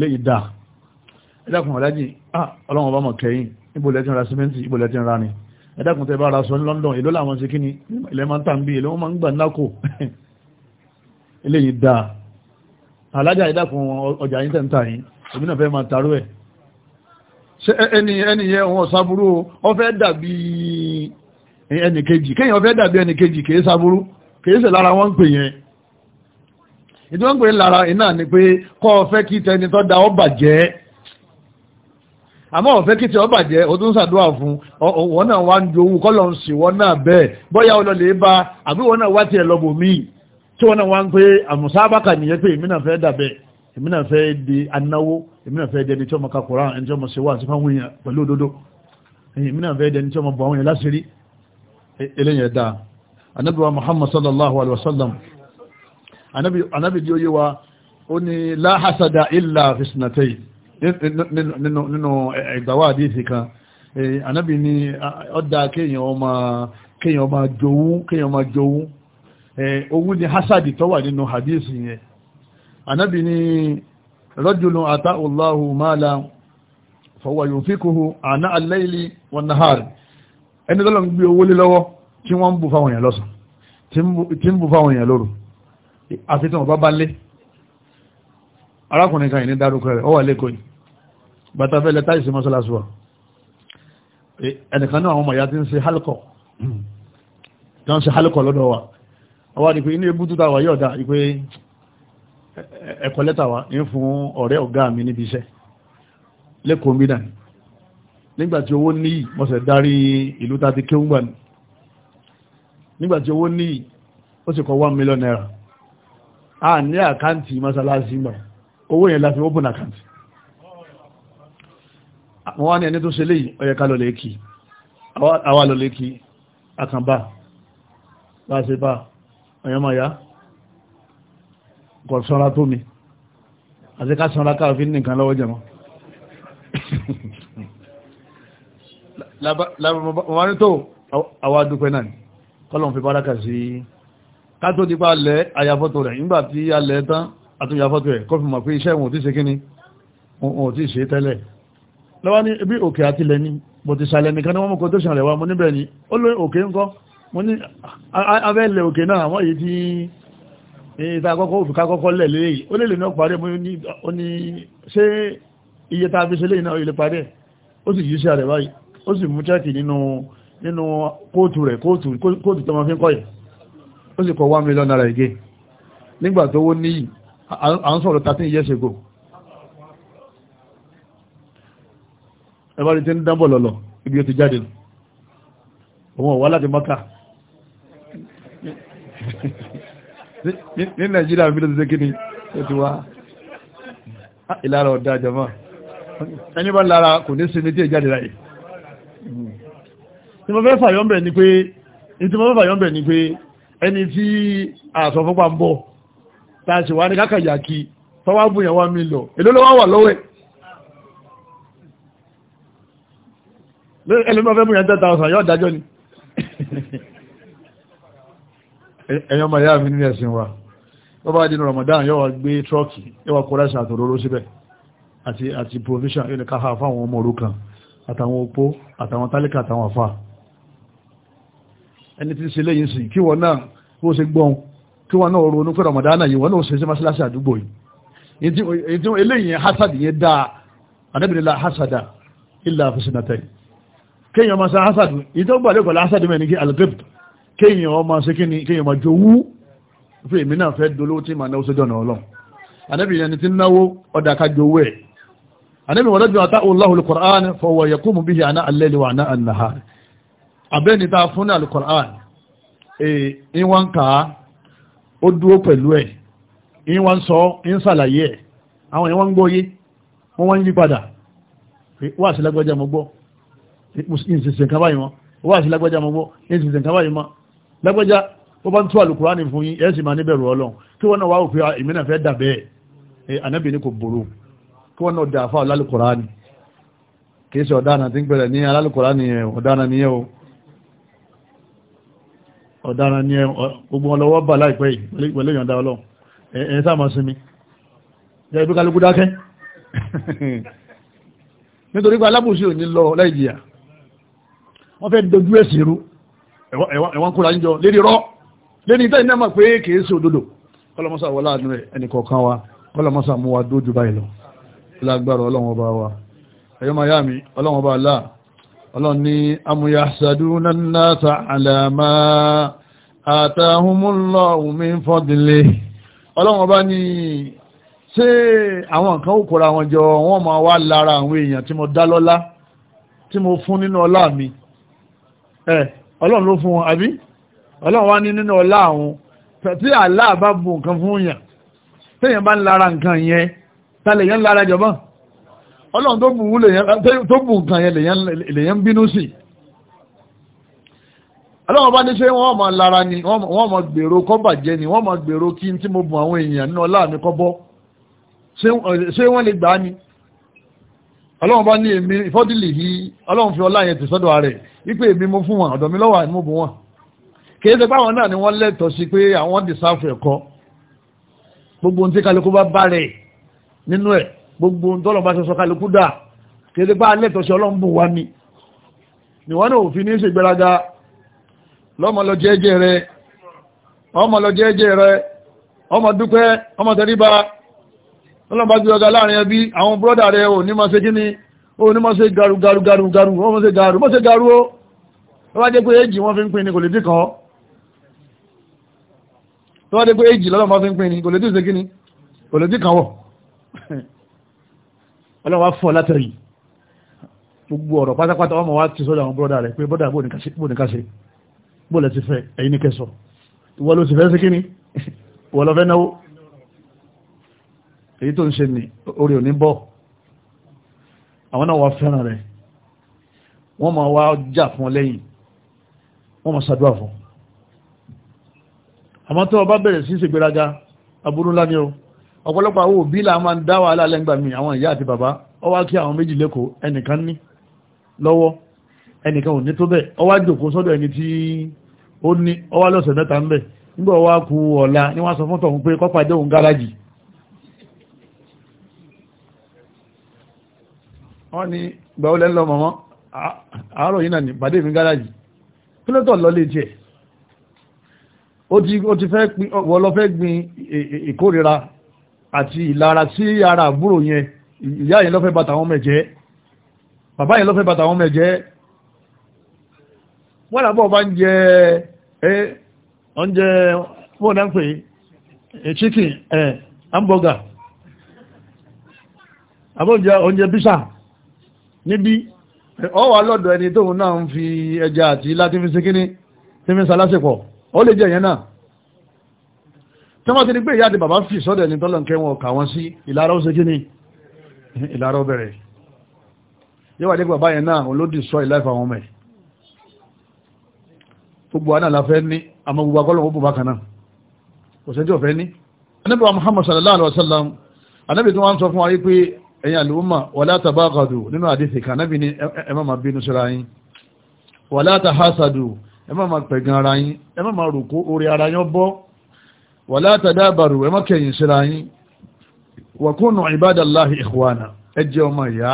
léyìí dà ẹ̀dàkùn ọ̀lájì ọlọ́run ọba mọ̀ kẹ́yìn níbo lẹ́tí ra símẹ́ǹtì níbo lẹ́tí ra ni London èló làwọn ṣe kíni ilẹ̀ máa ń tà ń bí eléyìí dáa alájà ìdákun ọjà yìí tẹ́ǹtà yìí èmi náà fẹ́ máa tarú ẹ̀ ṣe ẹni ẹni yẹn wọn sáburú ó fẹ́ dàbí ẹni kejì kéyàn ó fẹ́ dàbí ẹni kejì kìí sáburú kìí ṣe lára wọn ń pè yẹn ìdí wọn ń pè lára iná ni pé kọ́ ọ fẹ́ kí tẹni tó da ọ bàjẹ́ àmọ́ ó kí tí ọ bàjẹ́ o tún ṣàdúrà fún wọn náà wá ń jowú kọ́lọ̀ ń sì wọn náà bẹ́ẹ̀ bóyá ọlọ́lẹ̀ bá àbí wọn náà wá tiẹ̀ lọ́bọ̀ míì tí wọ́n náà wá ń pé àmùsábàkà nìyẹn pé èmi náà fẹ́ dàbẹ̀ èmi náà fẹ́ di anáwó èmi náà fẹ́ di ẹni tí ọmọ kakùrá ẹni tí ọmọ ṣe wà sí fáwọn èèyàn pẹ̀lú òdodo èmi náà fẹ́ di ẹni tí ọmọ bọ̀ àwọn èèyàn láṣìírí e, eléyìn ẹ̀dá anábì wa muhammad sallallahu alaihi wasallam anábì di oyé wa ó ní la hasada illa fisnatay nínú ẹgbàwá àdíìsì kan anábì e, ní ọ̀dà kéèyàn ọmọ kéèyàn ọmọ jowú kéèyàn ọmọ jowú Eh, owú ni hasadi tó wà nínú hadith yẹn anábì ni rajulun ata'ullahu mala fahuwa yunfikuhu ana al-layli wan-nahar ẹni tọ́lọ̀ ń gbé owó lé lọ́wọ́ tí wọ́n ń bù fáwọn èèyàn lọ́sàn tí ń bù fáwọn èèyàn lóru àti tí wọ́n bá bá lé arákùnrin kan ìní dárúkọ rẹ̀ ó wà wa eh, ẹnìkan náà ti ń hálùkọ̀ lọ́dọ̀ wa ọwá ni pé inú ebú tó tàwà yóò dá ipé ẹ̀kọ́ lẹ́tàwà ní fún ọ̀rẹ́ ọ̀gá mi níbi iṣẹ́ lẹ́kọ̀ọ́ mídà nígbàtí owó ní mọ́sẹ̀ darí ìlú tàbí kéhùngbà nígbàtí owó ní ó sì kọ 1 million naira a ní àkáǹtì masalasi mọ̀ owó yẹn láti open account wọ́n wá ní ẹni tó ṣe léyìí ọyẹ́ká lọ lẹ́kì àwà lọ lẹ́kì àkànbà bá ọ̀yọ́mọ̀ ya kọ̀ sanra tó mi àti ká sanra káàfin nìkan lọ́wọ́ jẹmọ́ lábàmọ́rin tó àwọn adúpẹ́ náà kọ́lọ̀ fi báraka sí ká tó dípa alẹ́ ayafọ́tò rẹ̀ nígbà tí alẹ́ tán àtúnyafọ́tò rẹ̀ kọ́ fi mọ̀ pé iṣẹ́ wọn ò tí ṣe kíní wọn ò tí tẹ́lẹ̀ lọ́wọ́ ní bí òkè àtilẹ̀ ní bọ̀tìṣàlẹ̀ nìkan ni wọ́n mú kó tó ṣàlẹ̀ wa níbẹ̀ ni ó lóyún òkè ńkọ́ mo ní abẹ́lẹ̀ òkè náà wọ́n yìí tí ìta àkọ́kọ́ òfìká kọ́kọ́ lẹ̀ lè ó lè lè náà parẹ́ mo ní ṣé iye ta fi ṣẹlẹ̀ náà ilé parẹ́ ó sì yìí sí ààrẹ báyìí ó sì mú chẹ́kì nínú nínú kóòtù rẹ̀ kóòtù tó máa fi ń kọ́ yẹ̀ ó sì kọ 1 million naira again nígbà tó wó níyì à ń sọ̀rọ̀ 13 years ago ẹ̀bá rí tí ń dánbọ̀ lọ̀lọ̀ ibi ó ti jáde òun ọ̀wá láti mọ́ta ní Nigeria, bí ló ti sékí ni ó ti wá ìlara ọ̀dá jama ẹni bá lára kò ní sinmi tí ìjáde láyé tí mo fẹ́ fàyọ́mbẹ̀ ni pé tí mo fẹ́ fàyọ́mbẹ̀ ni pé ẹni tí àṣọ fúnpa ń bọ̀ tá a sì wá ní kákàyà kí tọ́wá bùyàn wá mi lọ èló wà lọ́wọ́ ẹ̀ ẹlẹ́mọ̀ fẹ́ 10,000 yóò dájọ́ ni ẹ̀yọ́ ma yáà mi ní ẹ̀sìn wa wọ́n bá dínú Ramadan yóò wá gbé trọ́ọ̀kì yóò wá kó rẹ́sà àtòróró síbẹ̀ àti àti provision yóò ní káfà fáwọn ọmọ òrukàn àtàwọn opó àtàwọn tálíkà àtàwọn àfà ẹni tí ń ṣe léyìn sí kí wọn náà bó ṣe gbọ́n kí wọn náà ronú pé Ramadan yìí wọn náà ṣe sí masalasi àdúgbò yìí eléyìí hasad yẹn dáa anábìnrin hasada illa fi sinatẹ́ kéèyàn máa sa hasad ìjọba àdékọ̀ọ́ la hasad kéèyàn ọmọ ṣe kí ni kéèyàn máa jowú fún èmi náà fẹ́ dolówó tí màá náwó sójọ́ náà lọ anábì yẹn ti náwó ọ̀dà ká jowú ẹ̀ anábì wọ́n lọ́jọ́ àtà Allahul Qur'an fọwọ́ yakumu bihi ana al-layli wa ana an-nahar abẹ́ni tá al-Qur'an ìwọ̀n ká ó dúró pẹ̀lú ẹ̀ ìwọ̀n sọ ń sàlàyé ẹ̀ àwọn ìwọ̀n gbọ́yé wọ́n wọ́n yí padà wá sí lágbájá mọ́gbọ́ wá mọ́gbọ́ lágbẹ́já ó bá ń tú àlùkùránì fún yín ẹ̀sì máa níbẹ̀rù ọlọ́run kí wọ́n náà wá òfin ah, èmi náà fẹ́ dàbẹ́ ẹ̀ eh, ànábì kò bòrò kí wọ́n náà dàáfà alálùkùránì kì í ṣe tí ń pẹ̀rẹ̀ ní alálùkùránì ọ̀daràn ni ẹ o ọ̀daràn ni ẹ gbogbo wọn lọ́wọ́ bà láìpẹ́ yìí pẹ̀lú ìyọ̀ǹda ọlọ́run ẹ̀ sáà máa sinmi jẹ́ ibi ẹ̀wọ̀n kúra ń jọ lérí rọ́ lérí tẹ́ iná mọ̀ pé kìí sí òdodo kọlọmọ́sà wọlá àánú rẹ̀ ẹnìkọ̀ọ̀kan wa kọlọmọ́sà mú wa dójú báyìí lọ lágbára ọlọ́run ọba wa ẹ̀yọ́ miami ọlọ́run ọba aláà ọlọ́run ní amúyàṣàdúnà náà àlàmà àtàhùnmúlọ́hùn mi fọ́dílé ọlọ́run ọba ní ṣé àwọn nǹkan òkúra wọn jọ wọ́n máa wá lára àwọn èèyàn tí mo dá lọ́lá tí mo fún nínú ọlá mi ẹ̀ ọlọ́run ló fún wọn àbí ọlọ́run wá ní nínú ọlá àwọn tí àlá bá bu nǹkan fún yàn téèyàn bá ń lára nǹkan yẹn ta lèyàn lára jọba ọlọ́run tó bù nǹkan yẹn lèyàn bínú sí ọlọ́run bá ní ṣe wọ́n mọ̀ lára ni wọ́n mọ̀ gbèrò kọ́ bàjẹ́ ni wọ́n mọ̀ gbèrò kí n tí mo bù àwọn èèyàn nínú ọlá mi kọ́ bọ́ ṣé wọ́n lè gbà á ni ọlọ́run bá ní èmi fọ́dílì yìí ọlọ́run fi ọlá yẹn tẹ̀sọ́dọ̀ rẹ̀ wípé èmi mo fún wọn ọ̀dọ̀ mi lọ́wọ́ àìmọ́ wọn kìí ṣe báwọn náà ni wọ́n lẹ́tọ̀ọ́ sí pé àwọn dìsáfù ẹ̀kọ́ gbogbo ohun tí kálukú bá bá rẹ̀ nínú ẹ̀ gbogbo ohun tọ́lọ̀ bá ṣe sọ kálukú dà kìí ṣe bá lẹ́tọ̀ọ́ sí ọlọ́run bù wá ni níwọ́n náà òfin ní ṣègbéraga lọ́mọlọ jẹ́jẹ́ rẹ̀ ọmọ ó ní mọ́sẹ̀ garu garu garu garu ó mọ́sẹ̀ garu mọ́sẹ̀ garu ó tó wá jẹ́ pé èjì wọ́n fi ń pín ní kò lè dìkan ọ́ tó wá jẹ́ pé èjì lọ́lọ́ fi ń pín ní kò lè dìse kíní kò lè dìkan wọ̀ ọlọ́wà fọ́ látẹ̀rí gbogbo ọ̀rọ̀ pátápátá ọmọ wa ti sọ́dọ̀ àwọn bọ́dà rẹ̀ pé bọ́dà bó ní káṣe bó lẹ́ ti fẹ́ ẹ̀yìn ní kẹsọ̀ ìwọ ló sì fẹ́ sí kíní ìwọ lọ fẹ́ náwó èyí tó ń ṣe ní orí òní bọ́ àwọn náà wà fẹ́ràn rẹ̀ wọ́n ma wá jà fún lẹ́yìn wọ́n ma ṣàdúrà fún àmọ́ tó ọba bẹ̀rẹ̀ sí ṣègbéraga aburú ńlá o ọ̀pọ̀lọpọ̀ àwọn òbí là máa ń dá wàhálà lẹ́gbàá mi àwọn ìyá àti bàbá ó wá kí àwọn méjì lẹ́kọ̀ọ́ ẹnìkan ní lọ́wọ́ ẹnìkan ò ní tó bẹ́ẹ̀ ó wá jòkó sọ́dọ̀ ẹni wọ́n ní gbàwọlẹ̀ ńlọ mọ̀mọ́ àárọ̀ yìí ní bàdé mi gáràjì pílọ́tọ̀ lọ lè jẹ́ ó ti fẹ́ gbin wọ́n lọ fẹ́ gbin ìkórira àti ìlara sí ara àbúrò yẹn ìyá yẹn lọ́fẹ́ bàtà mẹ́jẹ́ bàbá yẹn lọ́fẹ́ bàtà mẹ́jẹ́ wọ́n làbọ̀ bá ń jẹ ẹ́ oúnjẹ wọ́n náà ń pè é chicken ẹ̀ níbi ọwà lọ́dọ̀ ẹni tóun náà ń fi ẹja àti láti fi síkíní tí fi sàlásìpọ̀ ó lè jẹ́ ìyẹn náà tí wọ́n ti ní pé ìyá àti bàbá fi sọ́dọ̀ ẹni tọ́lọ̀ kẹ́ wọn kà wọ́n sí ìlara ó síkíní ìlara ó bẹ̀rẹ̀ yíwà dé bàbá yẹn náà òun ló dì sọ ìláìfà wọn mẹ́ gbogbo àná la fẹ́ ní àmọ́ gbogbo akọ́lọ̀ ó bùbá kan náà kò sẹ́jọ́ fẹ́ ní anábìwá Muhammad sallallahu alaihi wa sallam anábì tí wọ́n sọ fún wa yí pé ẹ̀yin àlùmọ̀ wàlá tàbágàdù nínú àdíṣẹ́ kanábì ní ẹ má máa bínú síra yín wàlá tàhásàdù ẹ má máa pẹ̀gàn ara yín ẹ má máa rùkú orí ara yán bọ́ wàlá tàdábàrù ẹ má kẹ̀yìn síra yín wàkúnnù ìbádàláhì ìhùwànà ẹ jẹ́ ọmọ ìyá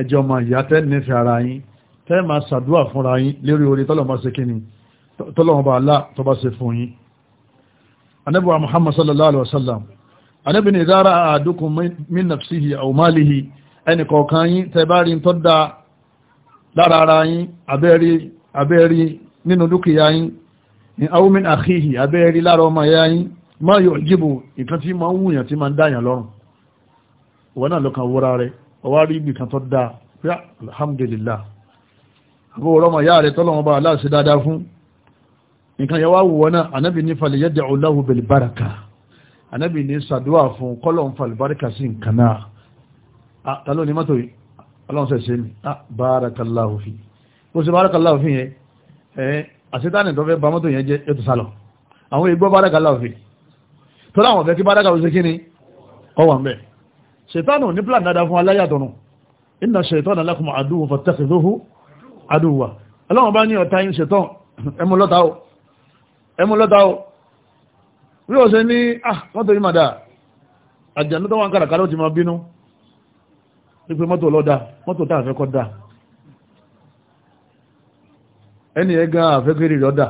ẹ jẹ́ ọmọ ìyá tẹ́ nífẹ̀ẹ́ ara yín tẹ́ máa sallallahu alaihi wasallam anábì ní ìdára àdúkùn min nafsihi aw malihi ẹnì kọ̀ọ̀kan yín tẹ́bárí tó dá lára ara yín abẹ́rí nínú dúkìá yín ni aw min akhihi abẹ́rí lára ọmọ ìyá yín má yóò jíbò ìkan tí ma ń wùyàn tí ma ń dáyàn lọ́rùn wọ́n náà lọ́kàn wúra rẹ̀ ọwá rí ibìkan tó dáa pé alhamdulillah àbúrò ọmọ ìyá rẹ̀ tọ́lọ́wọ́n bá aláàṣẹ dáadáa fún nǹkan yẹwà wọ́n náà anábì nífàlẹ̀ yẹ́dẹ̀ ọláhù bẹ̀lẹ̀ báraka anábì ní sàdúwà fún kọ́lọ̀ ń falìbáríkà sí nǹkan náà ah, tàló ní mọ́tò ọlọ́nsẹ̀ṣẹ́ ni ah, bárakallahu fi bó ṣe bárakallahu fi yẹn ẹ̀ àṣetánì tó fẹ́ ba mọ́tò yẹn jẹ́ ètò sálọ àwọn igbó bárakallahu fi tó láwọn fẹ́ kí bárakallahu ṣe kí ni ọwà ń bẹ̀ ṣètánù ní plan dáadáa fún aláyàtọ̀nù inna shaytana lakum aduwwun fattakhidhuhu aduwwa bí wọ́n ṣe ní ah mọ́tò yìí màdá àjànú tó wà ń kàràkà ló ti máa bínú wípé mọ́tò ọlọ́dà mọ́tò tá àfẹ́kọ́ dà ẹni ẹgá àfẹ́kẹ́rì rẹ̀ ọ̀dà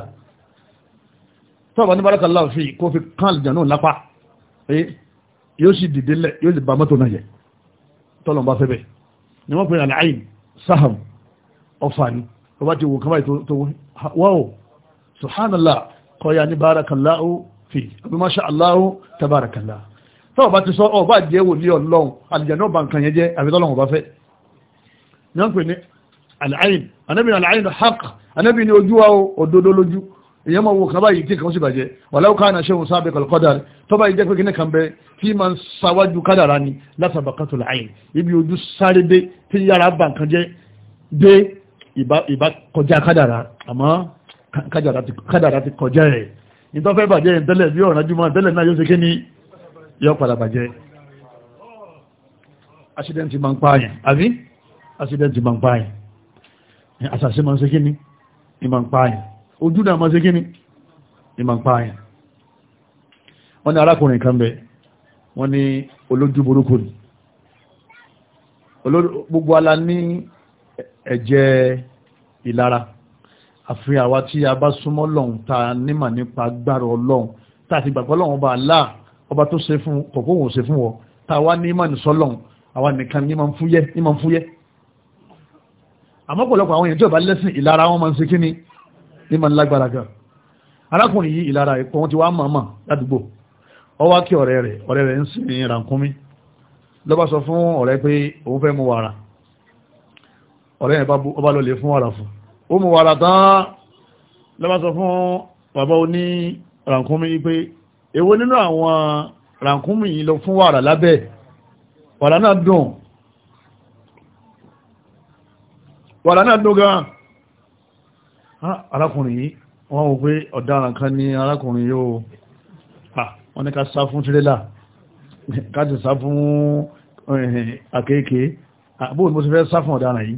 tọ́ọ̀bà ní bárakà láàfin kó fi kán àjànú lápá yóò sì dìde lẹ̀ yóò lè ba mọ́tò náà yẹ tọ́lọ̀ bá fẹ́ bẹ̀ ni wọ́n pè ní àlàyé sáhàm ọ̀fà ni ọba ti wò kán báyìí tó wọ́n wọ́n subhanallah kọ́ ya ní bárakà láàfin fi àbí masha Allahu tabarakallah tọ́wọ́ bá ti sọ ọba jẹ́ wòlí ọlọ́run àlìjànà ọba nǹkan yẹn jẹ́ àbítọ́lọ́run ọba fẹ́ ní wọ́n pè ní àlàáyìn anábìnrin àlàáyìn haq anábìnrin ojú wa òdodo lójú èyàn máa wo kan báyìí tí kan sì bàjẹ́ walau kana shay'un sabiqal qadar tó bá ìjẹ́ pé kí ní kan bẹ tí ma ń sáwájú kádàrá ni lasabaqatul ayn ibi ojú sáré dé ti kọjá rẹ̀ ìtọ́ fẹ́ bàjẹ́ tẹ́lẹ̀ bí ọ̀rọ̀ jùmọ̀ tẹ́lẹ̀ náà yóò ṣe kí ní yọ padà bàjẹ́ accident ma ń pààyàn àbí accident ma ń pààyàn àṣàṣe ma ń ṣe kí ní ìmọ̀ ń pààyàn ojú náà ma ń ṣe kí ní ìmọ̀ ń pààyàn wọ́n ní arákùnrin kan bẹ wọ́n ní olójú burúkú ni gbogbo ala ní ẹ̀jẹ̀ ìlara àfi àwa tí a bá súnmọ́ lọ́hun ta nímà nípa gbára ọlọ́hun tá a ti gbàgbọ́ lọ́hun ọba Allah ọba tó ṣe fún kọ̀kọ́ òun ṣe fún wọ ta wá nímà nìsọ́lọ́hun àwa nìkan ní máa ń fúyẹ́ ní máa ń fúyẹ́ àmọ́ pọ̀lọpọ̀ àwọn èèyàn lẹ́sìn ìlara wọn máa ń ṣe kí ni ní máa ń lágbára gan arákùnrin yìí ìlara ẹ̀kọ́ wọn ti wá màmá ládùúgbò ó wá kí ọ̀rẹ́ rẹ̀ ọ̀rẹ́ rẹ̀ ń sìn ní rànkúnmí ló bá sọ fún ọ̀rẹ́ pé òun fẹ́ mu wàrà ọ̀rẹ́ yẹn bá lọ lè fún wàrà fún un ó mú wàrà tán lọ́bá sọ fún bàbá oní ràǹkúnmí pé èwo nínú àwọn ràǹkúnmí yìí lọ fún wàrà lábẹ́ wàrà náà dùn wàrà náà dùn gan arákùnrin yìí wọ́n wọ́n pé ọ̀daràn kan ní arákùnrin yóò wọ́n ní ká sá fún tírélà ká ti sá fún akéèké eh, bóòlù mo ti fẹ́ sá fún ọ̀daràn yìí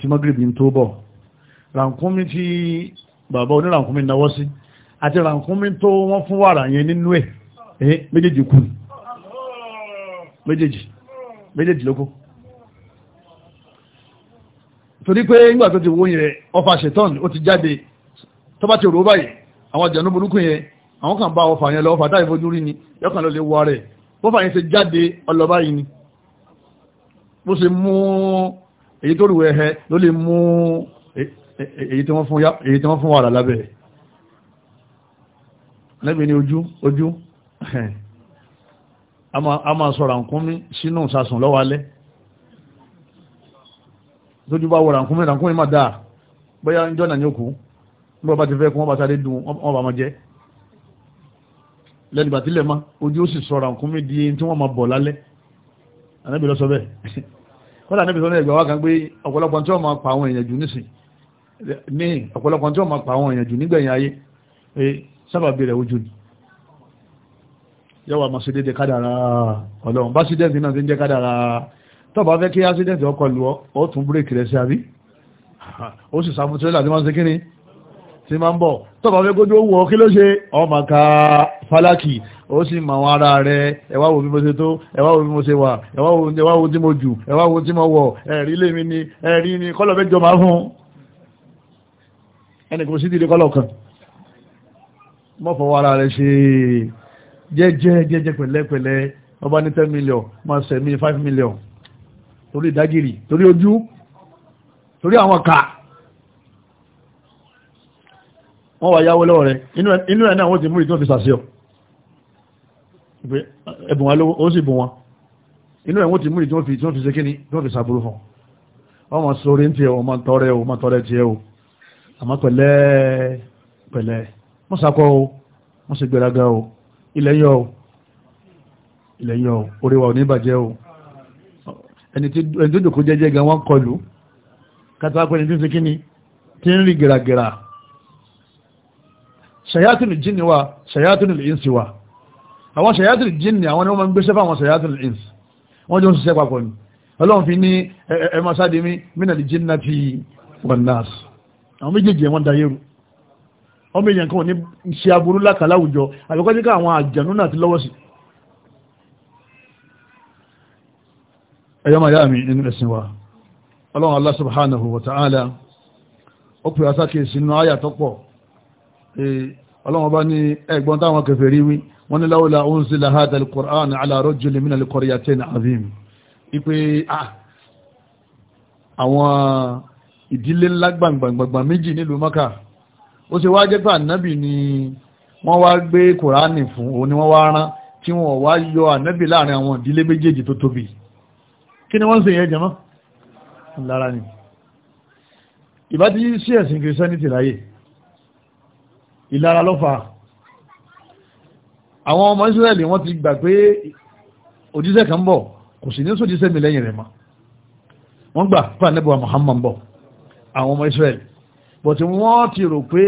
tí mọ́gírìbì ń tó bọ̀ ràǹkúnmí tí bàbá oníràǹkúnmí náwọ́ sí àti ràǹkúnmí tó wọ́n fún wàrà yẹn nínú ẹ̀ ẹ̀ eh, méjèèjì kù méjèèjì méjèèjì lóko torí pé nígbà tó ti wó yẹn ọfà ṣetán ó ti jáde tó bá ti rò báyìí àwọn àjànú burúkú yẹn àwọn kan bá ọfà yẹn lọ ọfà táì fojú rí ni yọkàn lọ lè wọ rẹ̀ bọ́fà yẹn ṣe jáde ọlọ́bá yìí ni bó ṣe mú èyí tó rùwẹ̀ ẹ̀hẹ́ ló lè mú e, e, e, èyí tí wọ́n fún wàrà lábẹ́ lẹ́bìn ní ojú ojú a máa sọ ràǹkúnmí sínú sàsùn lọ́wọ́ alẹ́ tójú bá wọ ràǹkúnmí ràǹkúnmí máa dáa bóyá ń jọ́nà ní òkú nígbà bá ti fẹ́ kún wọ́n bá sáré dùn wọ́n bá máa jẹ́ lẹ́nìgbà tí lẹ́ẹ̀ma ojú ó sì sọ ràǹkúnmí di tí wọ́n máa bọ̀ lálẹ́ ànábì bẹ́ẹ̀ kọ́lá níbi sọ́nà ẹgbẹ̀wá kan pé ọ̀pọ̀lọpọ̀ tí wọ́n máa pa àwọn èèyàn jù nísìn ní ọ̀pọ̀lọpọ̀ tí wọ́n máa pa àwọn èèyàn jù nígbẹ̀yìn ayé pé sábàbí rẹ̀ ojú ni yọ́wà máa ṣe dédé kádàrà ọlọ́run bá sídẹ́ǹtì náà ti ń jẹ́ kádàrà tó bá fẹ́ kí ásídẹ́ǹtì ọkọ̀ lù ọ́ tún búrèkì rẹ̀ sí àbí ó sì sàmùtúrẹ́là tí wọ́n ń ṣe kíni tí máa ń bọ̀ tọ́bà fẹ́ kójú owó kí ló ṣe ọmọ ká fálákì ó sì mọ̀ àwọn ara rẹ̀ ẹ wá wò bí mo ṣe tó ẹ wá wò bí mo ṣe wà ẹ wá wò tí mo jù ẹ wá wò tí mo wọ̀ ẹ̀rí lè mi ni ẹ̀rí ni kọ́lọ̀ fẹ́ jọ máa fún ẹnì kò sí ti di kọ́lọ̀ kan mọ́ fọwọ́ ara rẹ̀ ṣe jẹ́jẹ́ jẹ́jẹ́ pẹ̀lẹ́pẹ̀lẹ́ ọba ní ten million máa sẹ̀mí five million torí ìdágìrì torí ojú torí àwọn kà wọ́n wà yáwó lọ́wọ́ rẹ̀ inú ẹ̀ náà wọ́n ti mú ìtún fi sàṣẹ́ ọ ẹbùn wọn lówó ó sì bùn wọn inú ẹ̀ wọ́n ti mú ìtún fi tún tún fi sàbúrú fún wọ́n mọ̀ sórí ń tiẹ̀ ọmọ tọrẹ o ọmọ tọrẹ tiẹ̀ o àmọ́ pẹ̀lẹ́ pẹ̀lẹ́ wọ́n sakọ o wọ́n sì gbéraga o ilẹ̀ o ilẹ̀ o orí wa ní o ẹni tó jòkó jẹ́jẹ́ gan wọ́n kọlù kátàkùn ẹni tó ṣe kíní tí ń ṣayátìlì jíni wa ṣayátìlì ìǹsì wa àwọn ṣayátìlì jíni àwọn ni wọ́n máa ń gbéṣẹ́ fáwọn ṣayátìlì ìǹsì wọ́n jọ ń ṣiṣẹ́ papọ̀ ni ọlọ́run fi ní ẹmọ sáde mi mínàlì jínà ti wọ̀nàs àwọn méjèèjì ẹ̀wọ̀n dayérú ọmọ èèyàn kan ní iṣẹ́ aburú lákàlá àwùjọ àbíkọ́jíkà àwọn àjànú náà ti lọ́wọ́ sí ẹ̀yọ́ máa ọlọ́run Allah subhanahu wa ta'ala ó pè wá sákèsí nínú áyà tó pọ̀ ọlọ́wọ́n bá ní ẹgbọ́n táwọn kẹfẹ́ rí wí wọ́n ní láwọ́lá oun sí láhádà al-Qur'an ala rajulin min al-qaryatayn azim ipé àwọn ìdílé ńlá gbàngbàngbà méjì nílùú maka ó ṣe wá jẹ́ pé ànábì ni wọ́n wá gbé kùránì fún òun ni wọ́n wá rán tí wọ́n wá yọ ànábì láàrin àwọn ìdílé méjèèjì tó tóbi kí ni wọ́n ń ṣe yẹn jẹmọ́ lára ni ìbá ti sí ẹ̀sìn kìrìsẹ́nìtì láyé ìlara lọ́fà àwọn ọmọ Ísírẹ́lì wọ́n ti gbà pé òjíṣẹ́ kan bọ̀ kò sì ní sójíṣẹ́ mi lẹ́yìn rẹ̀ ma wọ́n gbà pé ànẹ́bọ̀ Muhammad bọ̀ àwọn ọmọ Ísírẹ́lì bọ̀ tí wọ́n ti rò pé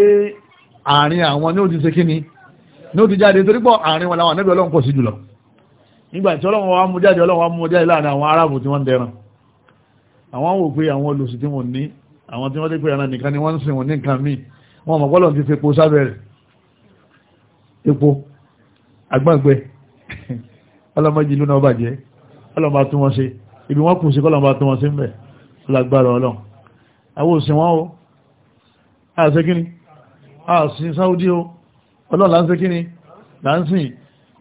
àárín àwọn ní òjíṣẹ́ kíni ní ó ti jáde torí pọ̀ àárín wọn làwọn ànẹ́bọ̀ Ọlọ́run pọ̀ sí jùlọ nígbà tí Ọlọ́run wa mú jáde Ọlọ́run wa mú jáde láàrin àwọn Arábù tí wọ́n ń dẹran àwọn wò pé àwọn olùsìn tí wọ́n ní àwọn tí wọ́n dé pé ẹran nìkan ni wọ́n ń sìn wọn ní nǹkan míì wọn mọ̀ pọ́lọ̀ ti fi epo sábẹ́rẹ̀ epo agbáǹgbẹ́ ọlọ́mọdé ìlú náà bàjẹ́ ọlọ́mọ tún wọn ṣe ibi wọn kù sí kọ́lọ́mọ tún wọn ṣe ń bẹ̀ lágbára ọlọ́run àwọn òsìn wọn o àṣekíní àṣìn sáúdí o ọlọ́run láńṣekíní láńsìn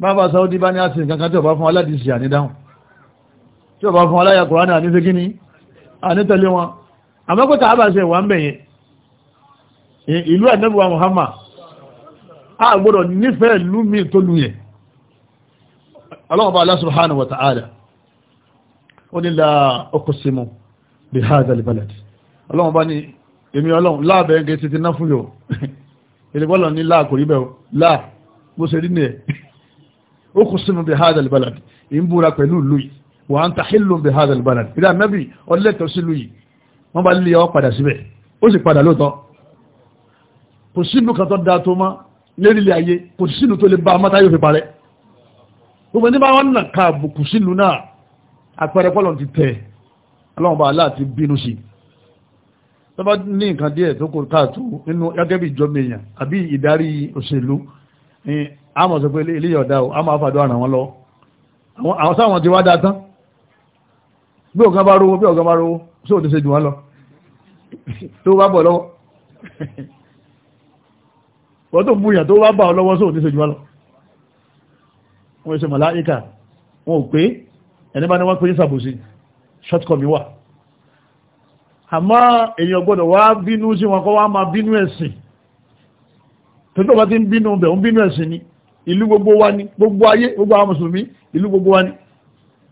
bàbá sáúdí bá ní àṣìn kankan tí ọba fún aládìsí ànídáhùn tí ọba fún aláyàkùránà àníṣekíní ànítẹ̀lé wọn àbàṣẹ wà ń bẹ̀yẹn ìlú àdẹ́bùwà Muhammad a gbọ́dọ̀ nífẹ̀ẹ́ ìlú mi tó lú yẹn Allah bá Allah subhanahu wa ta'ala ó ní la uqsimu bi hadha al-balad Allah bá ní èmi ọlọ́run láàbẹ̀ ẹgbẹ̀ títí ná fún yóò ìrìbọ́lọ̀ ní láàkò rí bẹ̀rù láà bó ṣe rí ní ẹ̀ balad ń búra pẹ̀lú ìlú yìí wa anta balad ìdá mẹ́bí ọlẹ́tọ̀ sí ìlú yìí wọ́n bá lè ọ padà síbẹ̀ kò sínú kan tó da tó mọ́ lérílẹ̀ ayé kò sínú tó lè bá amátá yóò fi parẹ́ gbogbo ní bá wọn nà ká àbùkù sínú náà àpẹẹrẹ pọ́lọ̀ ti tẹ̀ ọlọ́run bá aláàtí bínú sí tó bá ní nǹkan díẹ̀ tó kò káàtó nínú gẹ́gẹ́ bí ìjọba èèyàn àbí ìdarí òṣèlú ni a mọ̀ sọ pé eléyìí ọ̀dà o a máa fàdó ara wọn lọ àwọn sáwọn ti wá dáa tán bí ọ̀gá bá rówó bí ọ̀gá bá rówó sóò ti ṣe jù wọn lọ tó bá bọ̀ lọ́wọ́ wọ́n tó búyàn tó wá bá ọ lọ́wọ́ sóò ní sojúmọ́ lọ wọ́n ṣe màláíkà wọn ò pé ẹni bá ní wọ́n pè ní sàbòsí shortcoming wà àmọ́ èyàn gbọ́dọ̀ wá bínú sí wọn kọ́ wá máa bínú ẹ̀sìn tó tó ni ìlú gbogbo wa ni gbogbo ayé ni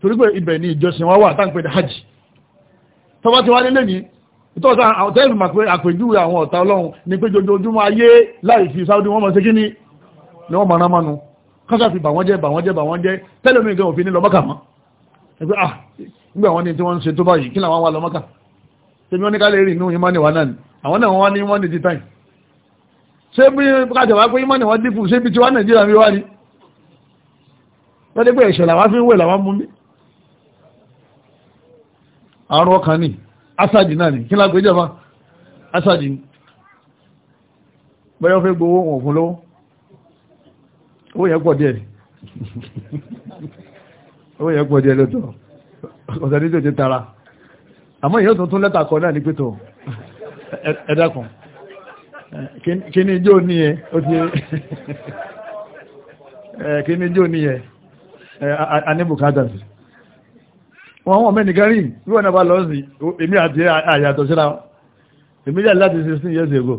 torí pé ibẹ̀ ni ìjọsìn wa wà táǹpẹ̀ hajj tó bá ti ìtọ́ta àwọn tẹ́lù àpèjúwe àwọn ọ̀tá ọlọ́run ní pé jojoojúmọ́ ayé láì fi sáúdí wọ́n mọ̀ sí kí ní ni wọ́n mọ̀ràn mọ́nu kọ́sà fi bà wọ́n jẹ́ bà wọ́n jẹ́ bà wọ́n jẹ́ tẹ́lù mi gan òfin ní ah nígbà wọn ni tí wọ́n ń ṣe tó báyìí kí làwọn wà lọ́mọ́kà tẹ́mi wọ́n ní ká lè rí inú ìmánì wa náà àwọn náà wọ́n ní ìmánì ti táì ṣé bí kájà wá pé ìmánì wọn dínkù ṣé bí mi wá ni wọ́n dé pé ẹ̀ṣẹ̀ làwọn fi ń wẹ̀ asadi náà ni kí lápé jọba asadi bọ́yọ́ fẹ́ gbowó wọn fún lọ́wọ́ owó yẹn pọ̀ díẹ̀ owó yẹn pọ̀ díẹ̀ lọ́tọ̀ ọ̀sẹ̀ ní tòjé tara àmọ́ èyàn tún kọ náà ní pẹ́tọ̀ ẹ̀dàkùn kí ni jó ní ẹ kí ni jó ní ẹ anibukadasi wọn wọn mẹ́ni gẹ́rì bí wọ́n náà bá lọ sí èmi àti àyàtọ̀ síra years ago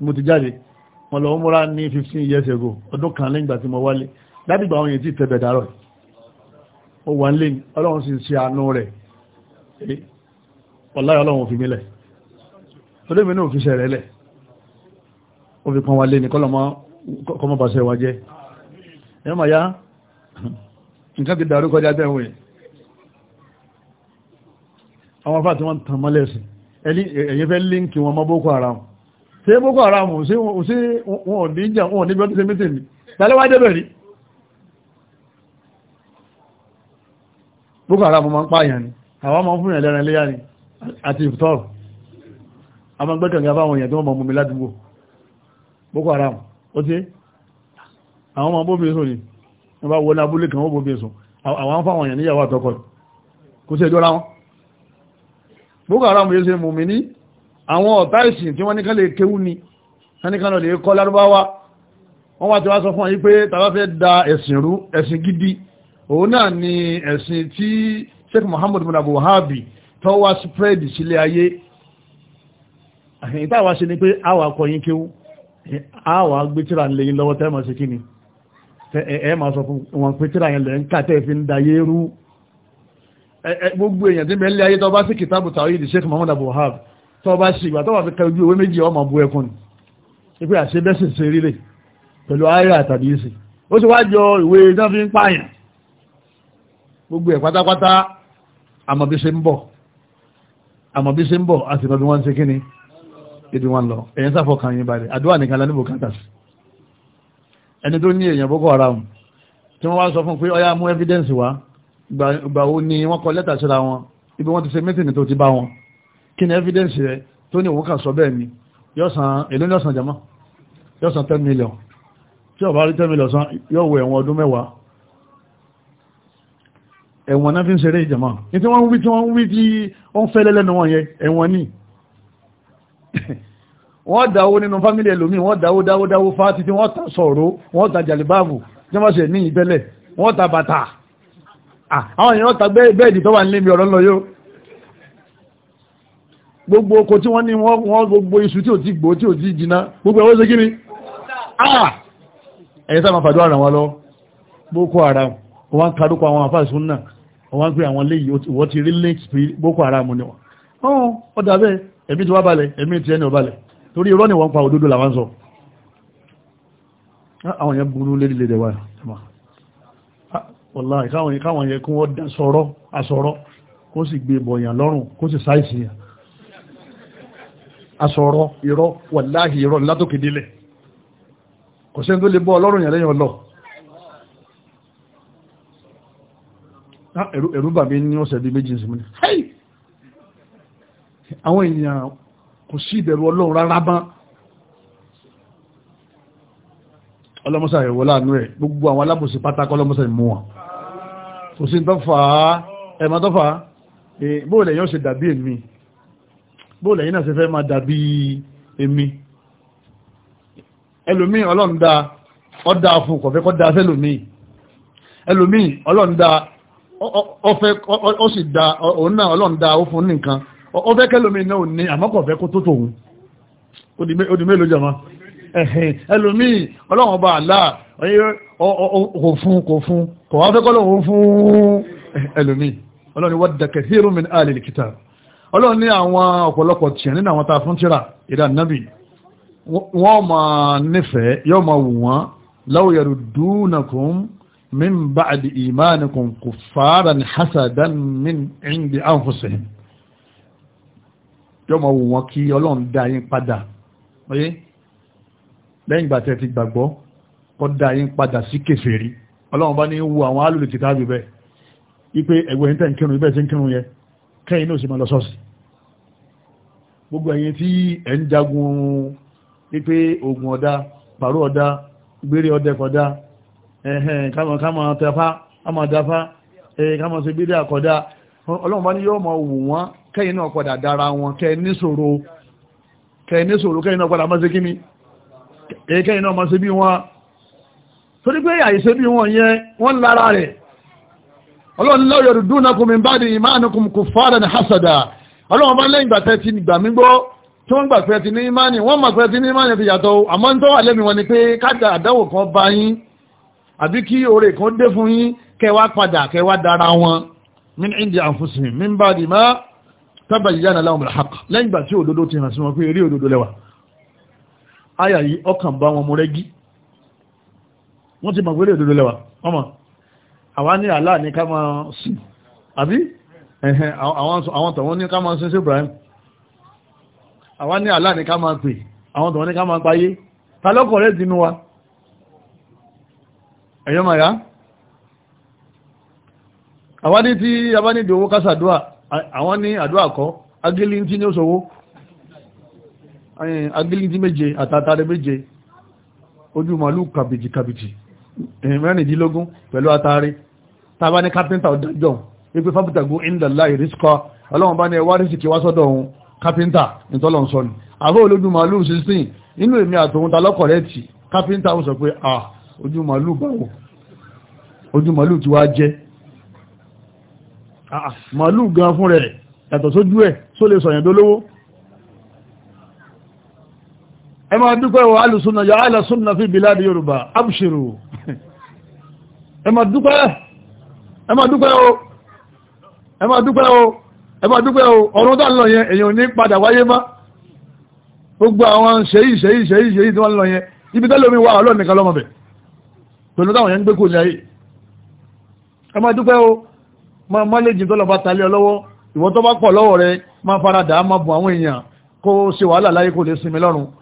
mo ti jáde wọn 15 years ago ọdún kan lẹ́yìn ìgbà tí mo wálé látìgbà àwọn èyí tí tẹ̀bẹ̀ dárọ̀ ó wà ń lè ọlọ́run sì ṣe àánú rẹ̀ ọláyà ọlọ́run fi mílẹ̀ olóòmí náà fi ṣẹ̀rẹ̀ lẹ̀ ó fi pọn wa lé ní kọ́lọ́mọ́ bá wa jẹ́ ẹ̀mọ̀ ya nǹkan ti dàrú kọjá bẹ́ẹ̀ wọ̀nyí àwọn afá tí wọ́n tàn mọ́lẹ̀ sí ẹ̀yẹ fẹ́ líǹkì wọn mọ́ Boko Haram ṣe Boko Haram sí wọn ò ní jà wọn ò ní bí ọdún ṣe mítìn ní tàlẹ́wà débẹ̀ rí Boko Haram máa ń pààyàn ni àwọn máa ń fún ẹ̀lẹ́rìn léyà ni àti ìfútọ́rù kò sí ẹjọ́ wọn boko haram yóò ṣe mùmí ní àwọn ọ̀tá ìsìn tí wọ́n ní kálẹ̀ kéwú ni kánikánà lè kọ́ lárúbáwá wọ́n wá ti wá sọ fún yí pé tàbá fẹ́ da ẹ̀sìn rú ẹ̀sìn gidi òun náà ni ẹ̀sìn tí sheikh muhammad bin abu habi tó wá spread sílé ayé ìtàwà ṣe ni pé àwà kọyín kéwú àwà gbé tíra ń lẹ́yìn lọ́wọ́ gbogbo èèyàn tí mẹ́lẹ́ ayé tọba sí kìtàbù tàwídì Sheikh Muhammad Abdul Wahab tọba sí ìgbà tọba fi ka owó méjì ọmọ bu ẹkùn ní pé àṣẹ bẹ́sẹ̀ ṣe rílẹ̀ pẹ̀lú ayé àtàbí ìsì ó sì wájọ ìwé náà fi ń pààyàn gbogbo ẹ̀ pátápátá àmọ̀bí ṣe ń bọ̀ àmọ̀bí ṣe ń bọ̀ àti ìbọn bí wọ́n ń ṣe kíni ìdí wọn lọ èyàn sáfọ̀ kan yín balẹ̀ àdúrà nìkan lọ níbo kàtà sí ẹni tó ní èèyàn Boko Haram tí wọ́n wá sọ fún pé ọyá mú evidence wá gbàwó ni wọ́n kọ lẹ́tà síra wọn ibi wọ́n ti ṣe mẹ́tìnì tó ti bá wọn kí ni evidence rẹ̀ tó ní òun kà sọ bẹ́ẹ̀ ni yóò san èlé ní ọ̀sán jama million tí ó bá rí million san yóò wọ ẹ̀wọ̀n ọdún mẹ́wàá ẹ̀wọ̀n náà fi ń ṣeré ìjàmá ní tí wọ́n wí tí wọ́n wí tí ó ń fẹ́lẹ́ lẹ́nu wọn yẹn ẹ̀wọ̀n ni wọ́n dáwó nínú fámílì ẹlòmí wọ́n dáwó dáwó dáwó fáti tí wọ́n ta sọ̀rọ̀ wọ́n ta jàlìbáàbù tí wọ́n sì ní ìbẹ́lẹ̀ wọ́n ta bàtà Ah, àwọn èèyàn ta bẹ́ẹ̀dì tó wà ní ibi ọ̀rọ̀ lọ yóò gbogbo oko tí wọ́n ní wọ́n gbogbo iṣu tí ò ti gbò tí ò ti jìnà gbogbo ẹwọ́ sí kíni ah! ẹ̀yẹ́ sáà máa fàdúrà ràn lọ Boko Haram wọ́n kàdúkọ àwọn àfáàsún náà wọ́n pé àwọn lè ìwọ́ ti rí link Boko Haram ni wọ́n oh, ó dàbẹ́ ẹ̀mí ti wá balẹ̀ ẹ̀mí ti ẹni ò balẹ̀ torí irọ́ ni wọ́n pa wọ́lá ìkáwọn yẹ kún wọ́n sọ̀rọ̀ asọ̀rọ̀ kó sì gbé bọ̀yàn lọ́rùn kó sì sáìsì yàn asọ̀rọ̀ irọ́ wàláhì irọ́ látòkèdélẹ̀ kò sẹ́ni tó lè bọ́ ọlọ́rùn yàn lẹ́yìn ọlọ́ ah, ẹ̀rú bàbí ní ọ̀sẹ̀ bí méjì sí múni àwọn èèyàn kò sí ìbẹ̀rù ọlọ́run rárá bá ọlọ́mọsà ìwọlá àánú ẹ̀ gbogbo àwọn alábòsí pátákọ́ ọlọ́mọsà ìmú wọn kò sí tọ́fà ẹ̀mọ́ tọ́fà bóòlẹ̀ yóò ṣe dàbí èmi bóòlẹ̀ yìí náà ṣe fẹ́ máa dàbí èmi ẹlòmí ọlọ́ndà ọdá fún kọ̀fẹ́ kọ́ dá fẹ́lòmí ẹlòmí ọlọ́ndà ọfẹ́ ó sì dá òun náà ọlọ́ndà ó fún nìkan ọfẹ́ kẹlòmí náà ní àmọ́kọ̀fẹ́ kó tó tòun ó di mélòó jẹ́ máa ẹlòmíì ọlọ́run ọba àlá kò fún kò fún kò wá fẹ́ kọ́ lọ́wọ́ fún ẹlòmíì ọlọ́run wadda kathirun min ahli al-kitab ọlọ́run ní àwọn ọ̀pọ̀lọpọ̀ tìyàn nínú àwọn tá a fún tírà ìdá nábì wọ́n máa nífẹ̀ẹ́ yóò máa wù wọ́n law yaruddunakum min ba'di imanikum kuffaran hasadan min indi anfusihim yóò máa wù wọ́n kí ọlọ́run dá yín padà lẹ́yìn ìgbà tẹ́ ti gbàgbọ́ kọ́ da yín padà sí kèfèrí ọlọ́run bá ní wo àwọn alùlù kìtà bí bẹ́ẹ̀ wípé ẹgbẹ́ yín tẹ́ ń kírun ibẹ̀ tí ń kírun yẹ kẹ́yìn náà sì máa lọ sọ́ọ̀sì gbogbo ẹ̀yin tí ẹ̀ ń jagun wípé ogun ọ̀dá pàró ọ̀dá gbére ọdẹ kọ̀dá kẹ́yìn náà padà dára wọn kẹ́ níṣòro kẹ́ níṣòro kẹ́yìn náà padà mọ́ sí kíní èyíkẹ́ iná ọmọ sí bí wọn torí pé àìsí bí wọn yẹn wọ́n lára rẹ̀ ọlọ́run lọ́wọ́ yorùdú náà kùnmí bá di ìmáànukùn kò fara ní hasada ọlọ́run bá lẹ́yìn gbàtẹ́ ti gbà mí gbọ́ tí wọ́n gbàtẹ́ ti ní ìmáàni wọ́n màgbẹ́ ti ní ìmáàni ti yàtọ̀ àmọ́ ń tọ́wà lẹ́mi wọn ni pé káàdà àdáwò kan bá yín àbí kí oore kan dé fún yín kẹwàá padà kẹwàá dára wọn min indi anfusihim min bá di má tábàyí yánà láwọn mọ̀lá àyà yìí ọkàn bá wọn mú rẹ́gí wọ́n ti mọ̀ pé lè dodo lẹ́wà ọmọ àwa ní àlá ní ká máa sìn àbí àwọn tọ̀wọ́n ní ká máa sin sí Ibrahim àwa ní àlá ní ká máa pè àwọn tọ̀wọ́n ní ká máa payé ta rẹ̀ dínú wa ẹ̀yọ́ màá yá ní tí abánidòwó kásàdúà àwọn ní àdúà kọ́ agéléntí ní ó sọwọ́ agilintí méje àtàtàrẹ méje ojú màálù kàbìtì kàbìtì mẹ́rìndínlógún pẹ̀lú àtàrẹ tàbá ní kápẹ́ntà ọ̀dájọ́ wípé fábùtàgún ìndàlá ìrísíkọ ọlọ́run bá ní ẹwà rísìkì wá sọ́dọ̀ òun kápẹ́ntà ìtọ́lọ̀ ń sọ ni àfọ́ olójú màálù 16 inú èmi àtòun ta lọ́kọ̀ọ́rẹ́ tì kápẹ́ntà ó sọ pé ah ojú màálù báwo ojú màálù ti wá jẹ́ màálù gan fún rẹ̀ yàtọ̀ sójú ẹ̀ só lè sọ̀yàn dolówó ẹ máa dúpẹ́ wọ alùsùnà yà alùsùnà fi bìláàdì yorùbá abṣìrò ẹ máa dúpẹ́ ẹ máa dúpẹ́ o ẹ máa dúpẹ́ o ẹ máa dúpẹ́ o ọ̀run dá lọ yẹn èyàn ní padà wáyé má gbogbo àwọn ṣèyí ṣèyí ṣèyí ṣèyí tí wọ́n lọ yẹn ibi tẹ́lẹ̀ omi wà ọlọ́ọ̀ nìkan lọ́mọbẹ̀ pẹ̀lú táwọn yẹn ń gbé kò ní ayé ẹ dúpẹ́ o máa má lè jìn tó lọ bá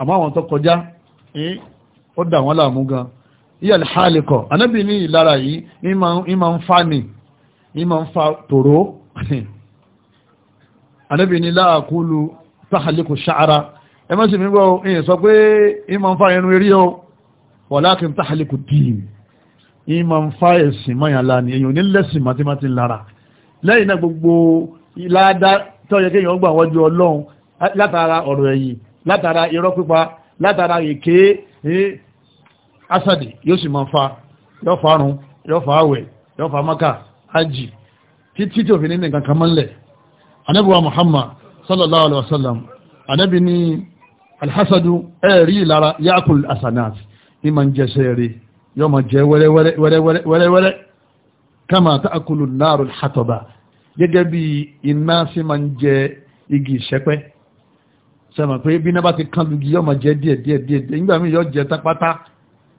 àmọ́ àwọn tó kọjá ó dà wọ́n láàmú gan yíyà lè hálìkọ̀ anábì ní ìlara yìí ìmọ̀ ń fa ni ìmọ̀ ń fa tòró anábì ní láàkúlù tàhálìkù ṣáára ẹ mọ́ sí mi gbọ́ ìyẹn sọ pé ìmọ̀ ń fa irun eré o walakin tàhálìkù dìín ìmọ̀ ń fa látara irọ́ pípa látara èké eh, asadi yóò sì máa fa yóò fa arun yóò fa awẹ yóò fa maka hajj títí tí òfin ní nǹkan kan mọ́lẹ̀ anábíwa muhammad sallallahu alaihi wasallam anábí ní alhassadu ẹ̀rí ìlara yakul asanat ní ma ń jẹsẹ̀ rí yóò ma jẹ wẹ́rẹ́wẹ́rẹ́ kama ta akulu náàrùn hatọba gẹ́gẹ́ bí iná sí ma ń jẹ igi ìṣẹ́pẹ́ sẹ́mọ̀ pé bí náà bá ti kán lugi yọ́ ma jẹ́ díẹ̀ díẹ̀ díẹ̀ nígbà mí yọ́ jẹ́ tápátá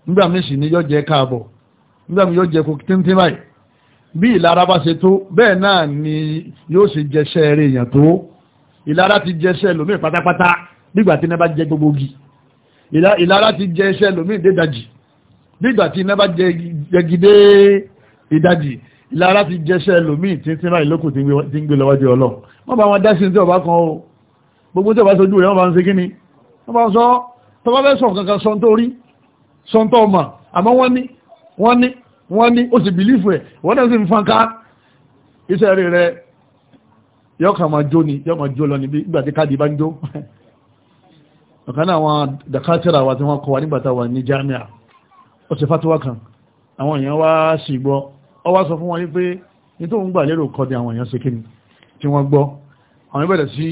nígbà mí sì ni yọ́ jẹ́ káàbọ̀ nígbà mí yọ́ jẹ́ kò tíntín báyìí bí ìlara bá ṣe tó bẹ́ẹ̀ náà ni yóò ṣe jẹṣẹ́ rẹ̀ èèyàn tó ìlara ti jẹṣẹ́ lómìn pátápátá nígbà tí náà bá jẹ gbogbo gi ìlara ti jẹṣẹ́ lómìn dédajì nígbà tí náà bá jẹ gidé ìdajì ìlara ti jẹṣẹ́ lómìn tíntín báyìí lókùn gbogbo tí ó bá sojú rẹ̀ wọ́n bá ń ṣe kí ni wọ́n bá ń sọ tó bá fẹ́ sọ kankan sọ tó rí sọ tó ọmọ àmọ́ wọ́n ní wọ́n ní wọ́n ní ó sì bìlífù ẹ̀ wọ́n náà sì ń fanká iṣẹ́ rí rẹ̀ yọ́kàn máa jó ni yọ́kàn jó lọ níbi ìgbà tí káàdì bá ń jó ọ̀kan náà wọn dàkátìrà wa tí wọ́n kọ wa nígbà wà ní jamia ó sì fatuwa kan àwọn èèyàn wá sì gbọ́ ọ wá sọ fún wọn ní pé nítorí wọn gbà lérò kọ́ ni àwọn èèyàn ṣe kí ni tí wọ́n gbọ́ àwọn ìbẹ̀rẹ̀ sí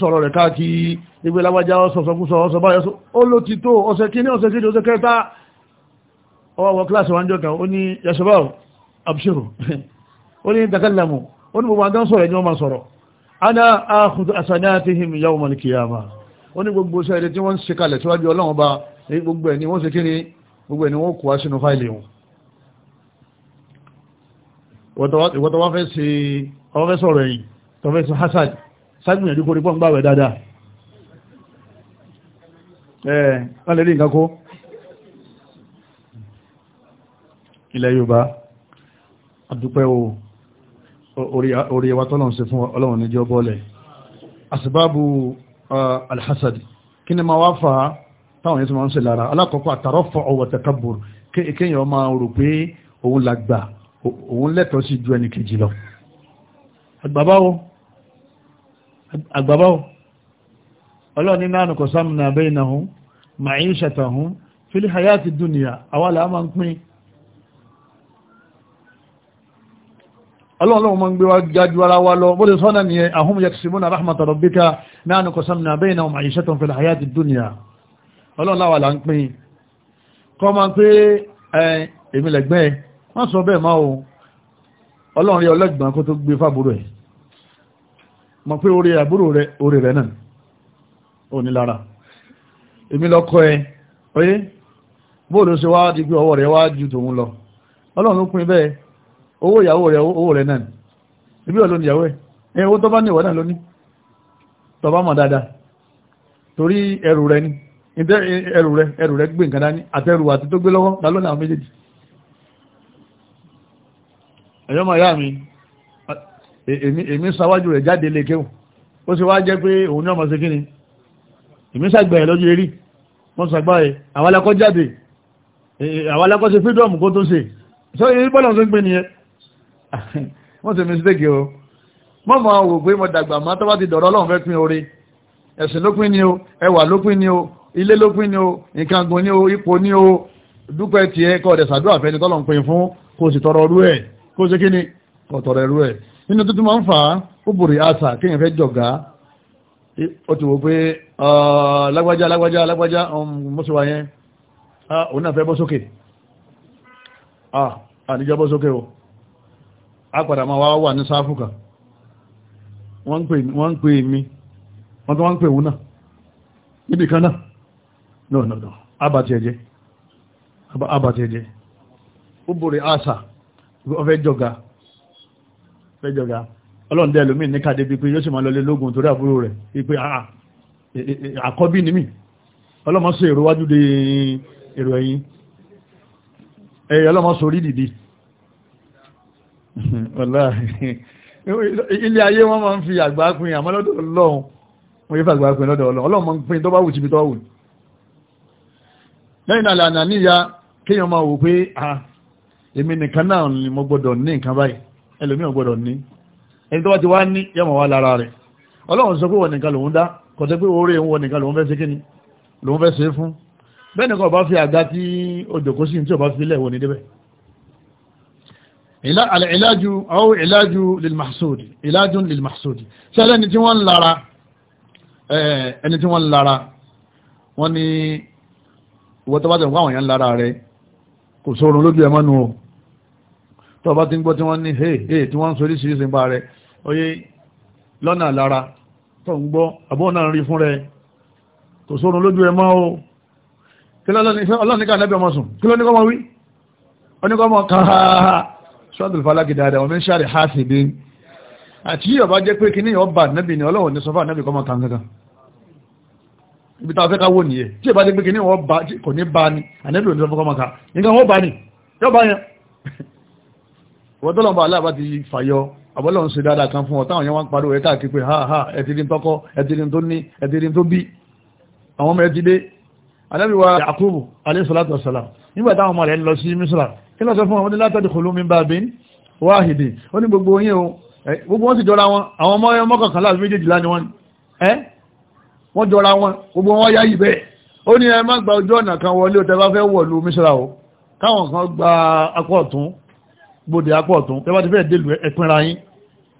sọ̀rọ̀ rẹ̀ káàkiri ìgbé lágbàjá ọ̀sọ̀sọ̀kúsọ̀ ọ̀sọ̀báyọ̀sọ̀ ó ló ti tó ọ̀sẹ̀ kí ní ọ̀sẹ̀ kí ní ọ̀sẹ̀ kẹta ọwọ́ kíláàsì wọn jọ kan ó ní yasọ̀bá abṣírò wọ́n máa sọ̀rọ̀ ana akhudhu asanatihim yawm al-qiyamah ó ní gbogbo sẹ́ẹ̀dẹ̀ tí wọ́n ń ṣekalẹ̀ tí ni gbogbo ẹni wọ́n kó wá sínú fáìlì wọn ìwọ́tọ̀wọ́fẹ́ sọ̀rọ̀ ẹ̀yìn tọ́fẹ́ sọ hasad sáàgbìn ẹ̀dí kórí pọ́n gbáwẹ̀ dáadáa ẹ̀ wọ́n lè rí nǹkan kó ilẹ̀ Yorùbá àdúpẹ́ o orí ẹwà tọ́lọ̀ ṣe fún ọlọ́run níjọ́ bọ́ọ̀lẹ̀ àṣìbábù alhassad kí ni ma wá fa táwọn yẹn tí wọ́n ń ṣe lára alákọ̀ọ́kọ́ àtàrọ́fọ́ ọwọ̀ takabbur kéèyàn máa rò pé òun làgbà òun lẹ́tọ̀ọ́ sí ju ẹnìkejì lọ àgbàbáwo àgbàbáwò ọlọ́run ní náà kò samna baynahum ma'ishatahum fil hayati dunya àwọn àlàá máa ń pín ọlọ́run ma ń gbé wá jájú ara wa lọ bóde sọ́nà ni ahum yaksimuna rahmata rabbika nahnu qasamna baynahum ma'ishatahum fil hayati dunya ọlọ́run láwà là ń pín kọ́ ma ń pé èmi lẹ́gbẹ́ wọ́n sọ bẹ́ẹ̀ mọ̀ pé orí àbúrò rẹ̀ orí rẹ̀ náà ò ní lára èmi lọ ẹ oyé ju tòun lọ ọlọ́run pín bẹ́ẹ̀ owó ìyàwó rẹ̀ owó rẹ̀ náà ibi ọ̀lọ́ ìyàwó ẹ̀ owó tọ́bá ní náà lóní tọ́bá mọ̀ dáadáa torí ẹrù rẹ̀ ni ẹrù rẹ̀ ẹrù rẹ̀ gbé nǹkan dání àti tó gbé èmi sáwájú rẹ̀ jáde lè kéhùn ó sì wá jẹ́ pé òun ní ọmọ sí kíni èmi sàgbẹ̀ẹ́ lọ́jọ́ eré wọ́n sàgbáyé àwọn alákọ́ jáde àwọn alákọ́ sí freedom kó tó ṣe so èyí bọ́lọ̀ tó ń pè nìyẹn wọ́n sì mistake o mọ́ mọ́ wò pé mo dàgbà máa tọ́wá ti dọ̀rọ̀ ọlọ́run fẹ́ pín orí ẹ̀sìn ló ni o ẹwà ló ni o ilé ló ni o nǹkan gùn ni o ipò ni o dúpẹ́ tiẹ̀ kọ́ ọ̀dẹ̀ sàdúrà fẹ́ni tọ́lọ̀ ń pín fún kó sì tọrọ rú ẹ̀ kó sì kíni kọ́ tọrọ rú ẹ̀ nínú tó ti máa ń fà á ó bòrè àṣà kéèyàn fẹ́ jọ̀gá ó ti wò pé ah, lágbájá lágbájá lágbájá mọ́síwá um, yẹn ah, òun náà fẹ́ bọ́ sókè ah, bọ́ o a padà wá wà ní sáfùkà wọ́n ń pè mí wọ́n tó wọ́n ń pè ó bòrè àṣà ọfẹ́ fẹ́jọba ọlọ́run dẹ́ lómi ní káde bíi pé yóò sì máa lọlé lógun torí àbúrò rẹ̀ wípé ah, eh, eh, eh, àkọ́bí ni mí ọlọ́mọ sọ èrò wájú de èrò ẹ̀yìn ẹ̀yẹ ọlọ́mọ sọ orí dìde ilé ayé wọ́n máa ń fi àgbà pin àmọ́ lọ́dọ̀ ọlọ́run wọ́n yé fi àgbà pin lọ́dọ̀ ọlọ́run ọlọ́run máa ń pin tó bá wù síbi tó ah, èmi nìkan náà ni mo gbọ́dọ̀ ní nǹkan báyìí ẹlòmí ọgbọ́dọ̀ ní ẹni tó bá ti wá ní yẹ́mọ̀ wá lára rẹ̀ ọlọ́run sọ pé wọ́n nìkan lòun dá kọ̀tẹ́ pé orí òun wọ́n nìkan lòun fẹ́ ṣe kíni lòun fẹ́ ṣe fún bẹ́ẹ̀ nìkan ọba fi àga tí òjòkó sí tí ọba fi lẹ̀ wọ́n ní débẹ̀ ìlàjú kò sórun lójú ẹmọ́nu o tó bá ti ń gbọ́ tí wọ́n ní hey hey tí wọ́n ń sorí sí ìsìnbà rẹ̀ oyé lọ́nà lára tó ń gbọ́ àbọ́ náà rí fún rẹ̀ kò sórun lójú ẹ máa o kí lọ́nìkà nẹ́bẹ̀ ọmọ sùn kí lọ́nìkà ọmọ wí oníkà ọmọ kàáhà ṣọ́dún falági dáadáa wọn ń ṣàrẹ̀ ha sì bí àti yíò bá jẹ́ pé kí ní ọba nẹ́bì ni ọlọ́wọ̀n ní sọfà nẹ́bì kọmọ kan kankan ibi tá fẹ́ ká wò nìyẹ tí ìbá jẹ́ pé kí ní ọba kò ní bá ní ànẹ́bì ò ní sọfà kọmọ nígbà wọ́n bá ní yọ́ bá yẹn ìwọ́tọ́lọ́mọ aláàbá ti fàyọ àbọ́lọ́run ṣe dáadáa kan fún ọ táwọn yẹn wá ń pariwo káàkiri pé ha ha ẹtìrí tọ́kọ́ ẹtìrí tó ní ẹtìrí tó bí àwọn ọmọ ẹtìdé alábìwá Yakubu alayhi salatu wassalam nígbà táwọn ọmọ rẹ̀ ń lọ sí Misra kí ló sọ fún ọmọdé o gbogbo wọn sì jọra wọn àwọn ọmọ mọ́kànlá méjèèjìlá ni wọ́n ẹ́ wọ́n jọra wọn gbogbo wọn yá yìí bẹ́ẹ̀ ó ní ẹ má gba ojú ọ̀nà káwọn kan gba akọ́ ọ̀tún bòdè apọ̀ tún tẹ́bá ti fẹ́ dèlù ẹ̀pínra yín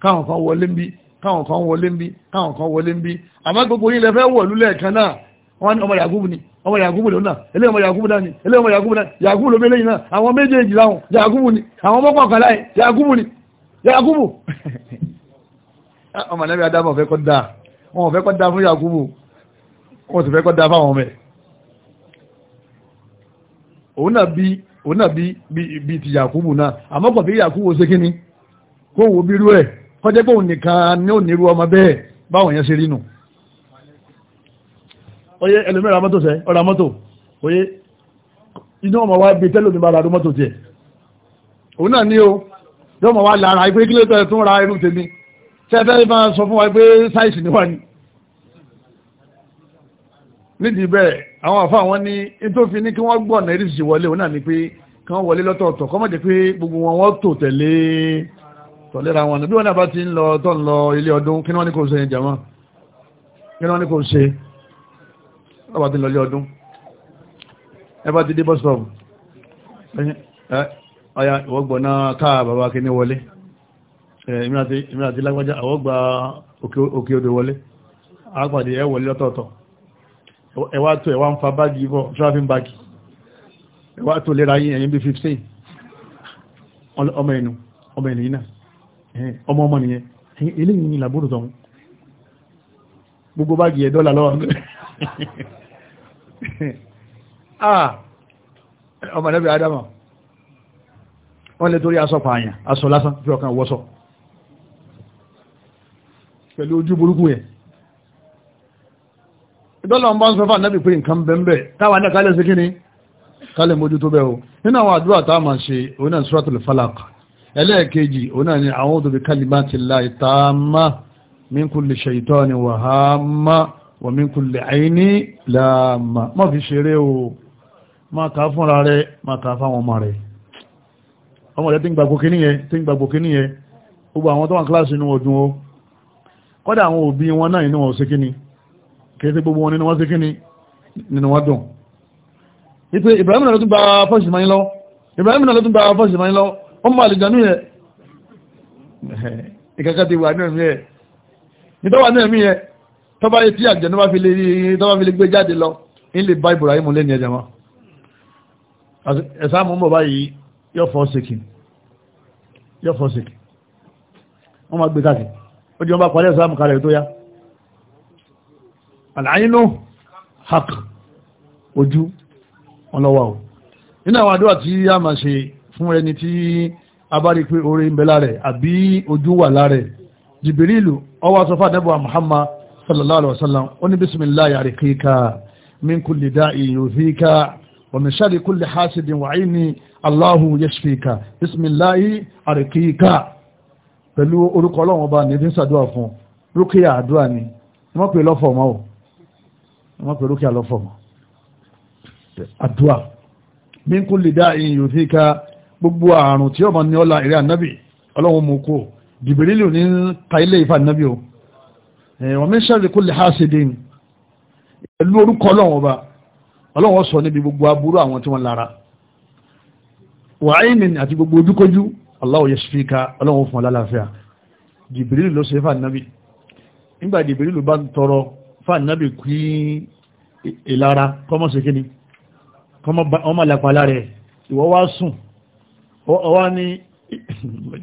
káwọn kan wọlé ń bí káwọn kan wọlé ń bí káwọn kan wọlé ń bí àmọ́ gbogbo yín lẹ fẹ́ wọ̀lú lẹ́ẹ̀kan náà wọ́n ní ọmọ Yakubu ni ọmọ Yakubu lòun náà eléyìí ọmọ Yakubu náà ni eléyìí ọmọ Yakubu náà Yakubu ló mẹ́lẹ́yìn náà àwọn méjèèjì láwọn Yakubu ni àwọn ọmọ kọ̀ọ̀kọ̀lá yìí Yakubu ni Yakubu ọmọ nẹ́bí Adamu ọ̀fẹ́ kọ́ da wọn ọ̀fẹ́ kọ́ da fún Yakubu wọn sì fẹ́ kọ́ da fáwọn ọmọ ẹ̀ òun náà bí òun náà bí ti Yakubu náà àmọ́ kò fi Yakubu ṣe kíni kó wo bí irú ẹ̀ kọjá pé òun nìkan ní òní irú ọmọ bẹ́ẹ̀ báwọn yẹn ṣe rí nù oye ẹlòmí ra mọ́tò sẹ́ ọ̀rà mọ́tò oye inú ọmọ wa bí tẹ́lòmí bá ràdó mọ́tò tiẹ̀ òun náà ní o yóò mọ̀ wá lára ipé kílé tẹ́ tún ra irú tèmi tẹ́fẹ́ máa sọ fún wa pé sáìsì níwá ni nídìí bẹ́ẹ̀ àwọn àfa àwọn ní tó fi ní kí wọ́n gbọ́ ọ̀nà ìrísí wọlé òun náà ni pé kí wọ́n wọlé lọ́tọ̀ọ̀tọ̀ kọ́ mọ̀ jẹ́ pé gbogbo wọn wọ́n tò tẹ̀lé tọ̀lẹ́ra wọn bí wọ́n náà bá ti ń lọ tọ́ ń lọ ilé ọdún kí wọ́n ní kò ṣe jàmọ́ kí wọ́n ní kò ṣe ọba ti lọ ilé ọdún ẹ ti dé bus stop ọya ìwọ́gbọ̀nà káà bàbá kíní wọlé èmi àti lágbájá àwọ́gbà òkè ẹwà tó ẹwà ń fa báàgì bọ́ driving bag ẹwà tó lera yí ẹ̀yìn bí 15 ọmọ ẹnu ọmọ ẹ̀lẹ́yìn náà ọmọ ọmọ nìyẹn eléyìn ni làbúrò tọ́hún gbogbo báàgì ẹ̀ dọ́là lọ́wọ́ ah, ọmọ ẹ̀lẹ́bẹ̀ adama wọ́n lè torí aṣọ pààyàn aṣọ lásán fi ọkàn wọ́sọ pẹ̀lú ojú burúkú yẹn ìdọ́lọ̀ ń bá ń sọ fún ànábì pé nǹkan bẹ́ẹ̀ táwa náà kálẹ̀ sí kí ni kálẹ̀ mójú tó bẹ́ẹ̀ o nínú àwọn àdúrà tá a máa ṣe òun náà suratul falaq ẹlẹ́ẹ̀kejì òun náà ni a'udhu bi kalimatillahi tamma min kulli shaytani wa hamma wa min kulli aini laama má fi ṣeré o má kà á àwọn tó kọ́dà àwọn òbí wọn náà inú wọn kẹsẹ̀ gbogbo wọn nínú wọ́n sí kí ni nínú wọ́n dùn ipé Ibrahim náà ló tún bá fọ́ọ̀sì máa ń lọ Ibrahim náà ló tún bá fọ́ọ̀sì máa ń lọ wọ́n máa lè jànú yẹ ìkàkà ti wà náà mí ẹ̀ nítọ́wà náà mí ẹ̀ tọ́ba etí àjẹ́ níwá fi lè tọ́ba fi lè gbé jáde lọ ń lè bá Ibrahim lẹ́nu ẹ̀jẹ̀ wọn ẹ̀sà mú bọ̀ báyìí yóò fọ́ sèkì yóò fọ́ sèkì wọ́n máa gbé káàkiri ó di wọn bá parí ẹ̀sà mú kalẹ̀ tó yá àlàyínú haq ojú ọlọ́wà o nínú àwọn àdúrà tí a máa ṣe fún ẹni tí a bá rí pé orí ń bẹ lára àbí ojú wà lára jìbìrìlù ọwọ́ sọ fún àdẹ́bọ̀ Muhammad sallallahu alaihi wasallam ó ní bisimilayi àríkíkà min kulli da'i yuzika wa min sharri kulli hasidin wa aini Allahu yashfika bismillahi arkika pẹ̀lú orúkọ ni din pè lọ́fọ̀ mọ́ wọ́n pẹ̀lú kí a lọ fọ́ àdúà min kulli da'in yuthika gbogbo àrùn tí ọmọ ní ọlá ìrẹ́ ànábì ọlọ́run mú kó jìbìrìlì ní ka ilé ìfà ànábì o wọ́n min sharri kulli hasidin pẹ̀lú orúkọ ọlọ́run ọba ọlọ́run sọ níbi gbogbo aburú àwọn tí wọ́n lára wàáyìn fàànàbì kí ìlara kọmọ̀ sí kíní ọmọ lápá lára ẹ̀ ìwọ wá sùn ọwá ní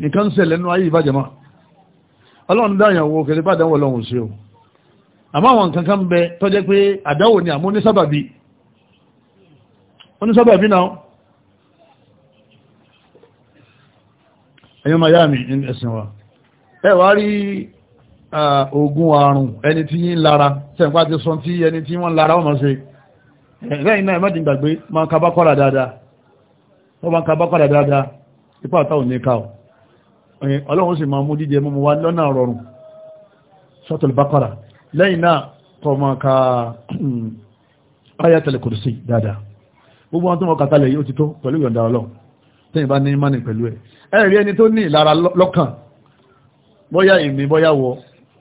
nìkan sẹlẹ̀ nínú ayé ìbájẹ̀má ọlọ́run dáyàwó kẹrẹ bá dánwò lọ́wọ́ sí o àmọ́ àwọn kankan bẹ ni àmú onísábàbí onísábàbí náà ẹ̀sìn wa ẹ wá rí oògùn àrùn ẹni tí yín lára sẹ́ǹpá ti sọ tí ẹni tí wọ́n lára ọmọ ṣe lẹ́yìn náà mẹ́dìn gbàgbé máa ka bákọ́rà dáadáa wọ́n máa ka bákọ́rà dáadáa ipá àtàwọn ní káà ọlọ́run sì máa mú dídé mú wa lọ́nà rọrùn sọ́tọ̀lù bákọ́rà lẹ́yìn náà kọ́ máa ka ayatul kursi dáadáa gbogbo wọn tó mọ kàtàlẹ̀ yìí ó ti tó pẹ̀lú ìyọ̀ǹda ọlọ́run tẹ́yìn bá ní mánì pẹ̀lú ẹ̀ ẹ̀rí ẹni tó ní ìlara lọ́kàn bóyá ìmí bóyá wọ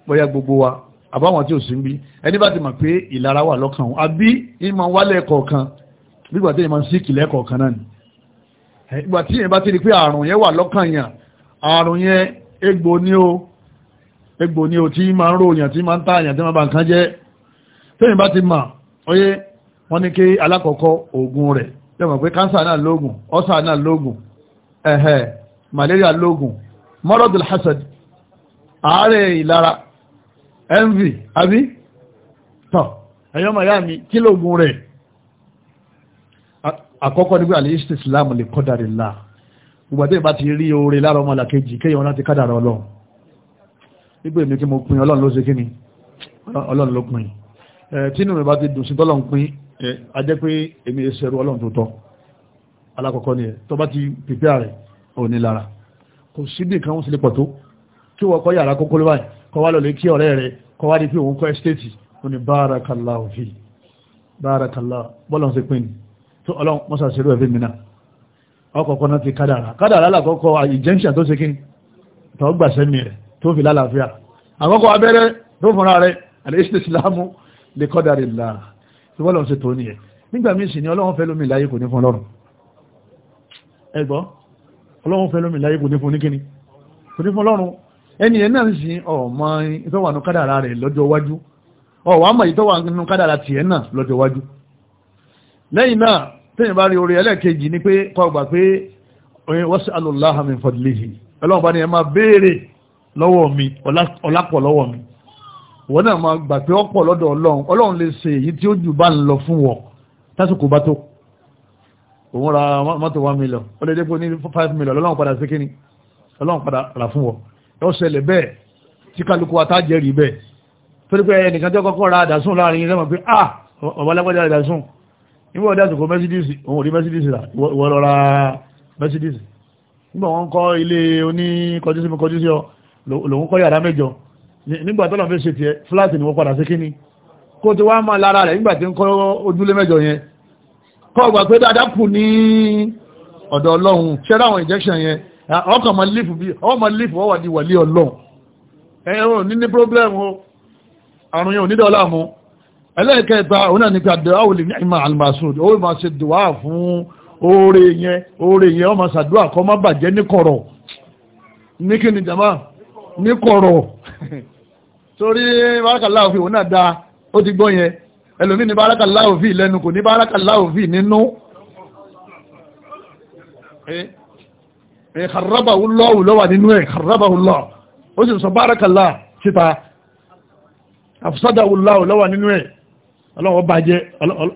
bóyá gbogbo wa àbáwọn tí ò sí ń bí ẹni bá ti mọ̀ pé ìlara wà lọ́kàn òun àbí ìmọ̀ wálẹ̀ kọ̀ọ̀kan nígbà tí ìmọ̀ sí ìkìlẹ̀ kọ̀ọ̀kan náà ni ti rí pé àrùn yẹn wà lọ́kàn yẹn àrùn yẹn egbò ni o egbò ni o tí máa ń ròyàn tí máa ń tí máa bá nǹkan jẹ́ tẹ́yìn bá ti mọ̀ oyé wọ́n ní kí alákọ̀ọ́kọ́ oògùn rẹ̀ pé kánsà náà lóògùn ọ́sà náà lóògùn ẹ̀hẹ̀ lóògùn hasad àárẹ̀ ìlara envy àbí tọ́ ẹ̀yọ́ màyá mi kí lóògùn rẹ̀ àkọ́kọ́ nígbà lè ṣe islam lè kọ́dàrí là gbogbo àti ìbá ti rí oore lára ọmọ làkejì kéèyàn láti kádàrà ọlọ́run ni ọlọ́run ló pin tínú mi bá ti dùn sí tọ́lọ́run pin a jẹ́ pé alákọ̀ọ́kọ́ ni ẹ̀ tó bá ti pèpè rẹ̀ ò ní lára kò síbì kan ó sì pọ̀ tó kí wọ́n kọ́ yàrá kókó lóbáyìí kọwa lọ lè kí ọ̀rẹ́ rẹ̀ kọwa di pé òun kọ́ ẹ́stéètì ó ní bárakàlá òfin bárakàlá bọ́lọ̀ ń ṣe pín ní tó ọlọ́run mọ́sà ṣerú ẹ̀fẹ́ mi náà ọkọ̀ọ̀kan náà ti kádàrà kádàrà lákọ̀ọ́kọ́ ìjẹ́ǹṣà tó ṣe kín tó gbà sẹ́mi rẹ̀ tó fi lálàáfíà àkọ́kọ́ abẹ́rẹ́ tó fúnra rẹ̀ àlẹ́sìlámù lè kọ́dàrí là tí wọ́n lọ ṣe tó ní ẹ̀ nígbà míì sì ni ọlọ́run fẹ́ lómi láyé kò ní fún ọlọ́run ẹgbọ́ ọlọ́run fẹ́ lómi láyé kò ní fún ní kò ní fún ọlọ́run ẹni ẹ̀ náà ń sin ọmọ ìtọ́wà nù kádàrà rẹ̀ lọ́jọ́ iwájú ọwọ́ àmọ̀ ìtọ́wà nù kádàrà tiẹ̀ náà lọ́jọ́ iwájú lẹ́yìn náà tẹ́yìn bá rí orí ẹlẹ́ẹ̀kejì ní pé kọgbà pé was'alullaha min fadlihi ọlọ́ọ̀bá ni ẹ máa béèrè lọ́wọ́ mi ọlápọ̀ lọ́wọ́ mi wọ́n náà máa gbà pé ọ̀pọ̀ lọ́dọ̀ ọlọ́run ọlọ́run lè ṣe ra five million ọlọ́run padà sí kíni ọlọ́run padà rà fún wọ yóò ṣẹlẹ̀ bẹ́ẹ̀ tí kálukú wa tá jẹ́rì bẹ́ẹ̀ torí pé ẹnìkan tí ó kọ́kọ́ ra àdásùn láàrin yìí sẹ́mọ̀ pé ah ọ̀bá lágbájá àdásùn nígbà ọ̀dá àsìkò mẹ́sídìsì òun ò rí mẹ́sídìsì rà ìwọ lọ ra mẹ́sídìsì nígbà wọn kọ́ ilé oní kọjú sí mi kọjú sí ọ lòun kọ́ yàrá mẹ́jọ nígbà ni wọ́n padà sí kíní kó ti wá máa lára rẹ̀ nígbà tí ń kọ́ ojúlé ọ̀dọ̀ ọlọ́run ṣẹ́ráwọn injection yẹn Ah, ọkàn máa lífù bí ọwọ́ máa lífù ọwọ́ di wàlí ọlọ́run ẹ̀rọ ní ní problem o àrùn yẹn onídọ̀ láàmú ẹlẹ́ẹ̀kẹta òun náà ní pé àdúrà ò lè ní ìmọ̀ almasud ó máa ṣe dùwà fún oore yẹn oore yẹn ó máa ṣàdúrà kó má bàjẹ́ ní kọ̀rọ̀ ní kí ni jama ní kọ̀rọ̀ torí bárakàláwò fi òun náà da ó ti gbọ́ yẹn ẹlòmí ní bárakàláwò fi lẹ́nu kò ní bárakàláwò fi nínú eh? kharabahu Allahu ló wà nínú ẹ̀ kharabahu Allahu ó sì sọ bárakàlá síta afsadahu Allahu ló wà nínú ẹ̀ ọlọ́wọ́ bàjẹ́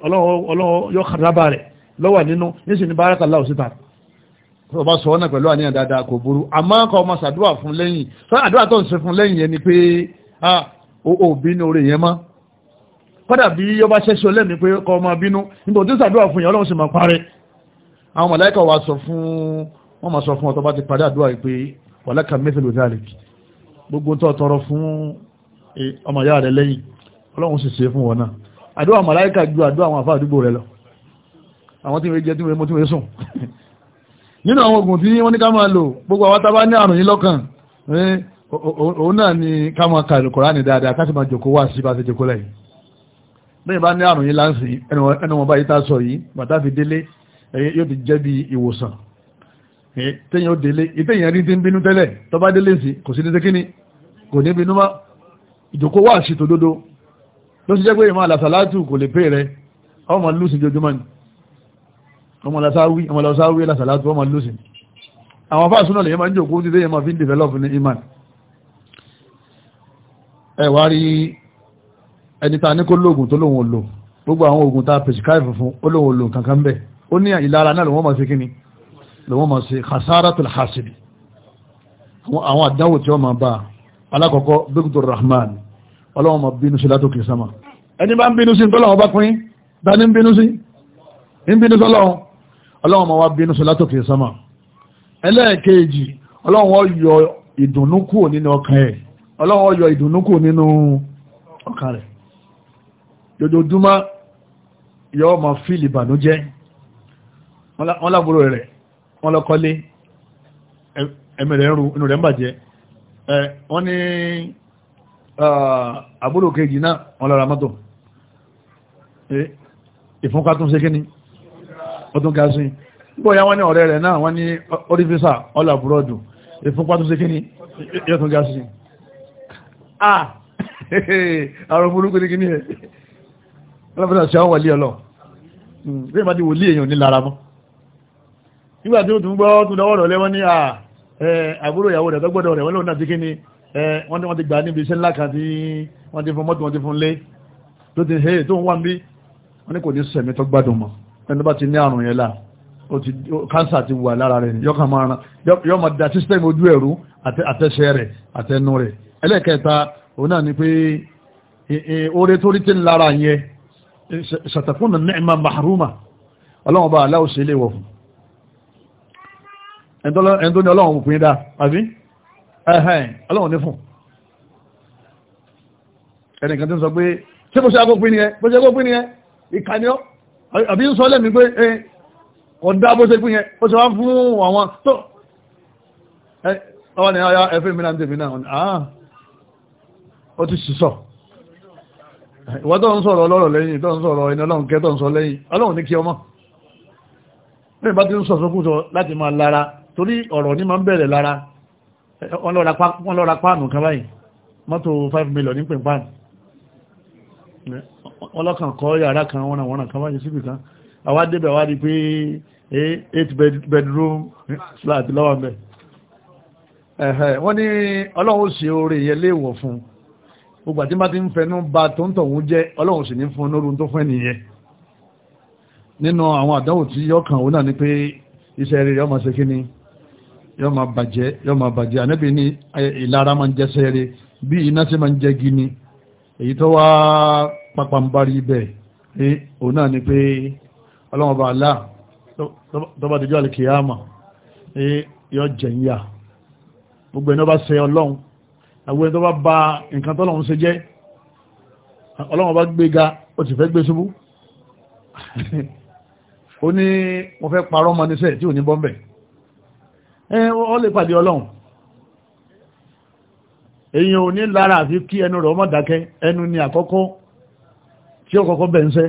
ọlọ́wọ́ yọ kharaba rẹ̀ ló wà nínú níṣẹ́ ni bárakàlá síta tó kọ́dà bí yọ bá ṣẹ́ṣọ́ lẹ́mí pé kọ́ ọmọ bínú nígbà tí sàdúrà fún yẹn ọlọ́run sì máa parẹ́ àwọn màláíkà wá sọ fún wọ́n ma sọ fún ọ̀tọ́ bá ti padà àdúrà pé wàlákà mẹ́fẹ̀lú zalik gbogbo tó tọrọ fún e, ọmọ ìyá rẹ̀ lẹ́yìn ọlọ́run sì ṣe fún wọn náà àdúrà màláíkà ju àdúrà àwọn àfáà àdúgbò rẹ̀ lọ àwọn tí wọ́n jẹ́ tí wọ́n mú wọ́n sùn ni ká máa ka Kùránì dáadáa ká sì máa jòkó wá sí bá ti jòkó lẹ́yìn lẹ́yìn bá ní àrùn yìí láǹsì ẹnu wọn yóò ti jẹ́ bí ìwòsàn téèyàn ó délé ìtéèyàn rí ti ń bínú tẹ́lẹ̀ tó bá délé sí kò sí ní sékíní kò ní bínú mọ́ ìjòkó wà sí tòdodo ló ti jẹ́ pé ìmọ̀ àlàsàlátù kò lè pè rẹ ọmọ lùsìn jojúmọ́ ni ọmọ làsáwí ọmọ làsáwí làsàlátù ọmọ lùsìn àwọn fáà súnà lè yẹ máa ń jòkó tí téèyàn máa fi lòun máa ṣe khasaratul hasidi àwọn àdáwò tí wọ́n máa bá alákọ̀ọ́kọ́ bíkútù rahman ọlọ́wọ́n máa bínú sí látòkè sama ẹni bá ń bínú sí tọ́lọ́wọ́ bá pín dání ń bínú sí ń bínú sọ́lọ́wọ́ ọlọ́wọ́n máa wá bínú sí látòkè sama ẹlẹ́ẹ̀kejì ọlọ́wọ́n yọ ìdùnnú kù nínú ọkàn ẹ̀ ọlọ́wọ́n yọ ìdùnnú kù nínú ọkàn rẹ̀ dojoojúmọ́ yọ máa fíìlì ìbànújẹ́ wọ́n lábúrò rẹ̀ wọ́n lọ kọ́lé ẹ̀mẹ̀rẹ̀ ẹ̀rù inú rẹ̀ ń bàjẹ́ wọ́n ní àbúrò kejì náà wọ́n lọ ra mọ́tò ìfúnká tún ṣe kíní ọdún gásí bóyá wọ́n ní ọ̀rẹ́ rẹ̀ náà wọ́n ní orífísà ọlà búrọ́dù ìfúnká tún ṣe kíní yẹ́tún ah àrùn burúkú ní kíní ẹ̀ ọlọ́pàá ṣe àwọn wọlé ọlọ́ bí nígbà tí ó tún gbọ́ tún lọ́wọ́ rọ̀ lẹ́wọ́n ní àbúrò ìyàwó rẹ̀ tọ́gbọ́dọ̀ rẹ̀ wọ́n lòun náà ti kíni wọ́n ti gbà níbi iṣẹ́ ńlá kan tí wọ́n ti fún mọ́tò wọ́n ti fún lé tó ti hẹ́ tó ń wà mí wọ́n ní kò ní sẹ̀mí tó gbádùn mọ́ ẹni bá ti ní àrùn yẹn là kánsà ti wà lára rẹ̀ yọ́ máa da sísítẹ́mù ojú ẹ̀rú àtẹ́sẹ̀ rẹ̀ àtẹnu rẹ̀ ẹlẹ́kẹta òun náà ni pé oore tó rí tí ń lára yẹn ṣàtàkùn náà ní ìmọ̀ màrúmà ọlọ́wọ́n bá aláwọ̀ sí ilé wọ̀ fún ẹni tó ní ọlọ́run òpin dá àbí ẹ̀hẹ́n ọlọ́run ní fún ẹnìkan tó ń sọ pé ṣé bó ṣe agópin ni ẹ bó ṣe agópin ni ẹ ìkànnì ọ àbí ń sọ lẹ́mìí pé eh, ọ̀dá bó ṣe pín yẹn ó ṣe wá fún àwọn tó ọwọ́ ni ọya ẹfẹ́ mi náà ń tèmi náà ọ̀nà ah, àá ó torí ọ̀rọ̀ ní máa ń bẹ̀rẹ̀ lára wọ́n lọ́ra páànù kan báyìí mọ́tò 5 million ní pè páànù ọlọ́kàn kọ́ yàrá kan wọ́n àwọn kan báyìí síbì kan àwa débẹ̀ wá di pé 8 bedroom flat lọ́wọ́ mẹ́ wọ́n ní ọlọ́run sí orí yẹ léèwọ̀ fún gbogbo àti bá ti ń fẹnu ba tó ń tọ̀hún jẹ́ ọlọ́run sì ní fún lórun tó fẹ́ nìyẹn nínú àwọn àdánwò tí yọ́kàn òun náà ni pé iṣẹ́ rere ọmọ ṣe kí ni yóò máa bàjẹ́ yóò máa bàjẹ́ ànábì ní ìlara máa ń jẹ́ sẹ́ẹ̀rẹ́ bí iná sí máa ń jẹ́ gini èyí tó wá pápá ń bárí bẹ́ẹ̀ ní òun náà ni pé ọlọ́mọba alá tó bá dẹjọ́ alìkìyàmà yọ jẹ̀yà gbogbo ẹni tó bá ọlọ́run àwọn ẹni tó bá ba nǹkan tọ́lọ́run ṣe jẹ́ ọlọ́run bá gbéga ó sì fẹ́ gbé ṣubú ó ní mo fẹ́ parọ́ mọ́ níṣẹ́ tí ò ní bọ́m̀bẹ̀ ó lè pàdé ọlọ́run èyàn ò ní lára àfi kí ẹnu rẹ̀ ọmọ ẹnu ni àkọ́kọ́ tí ó kọ́kọ́ bẹ̀ ń sẹ́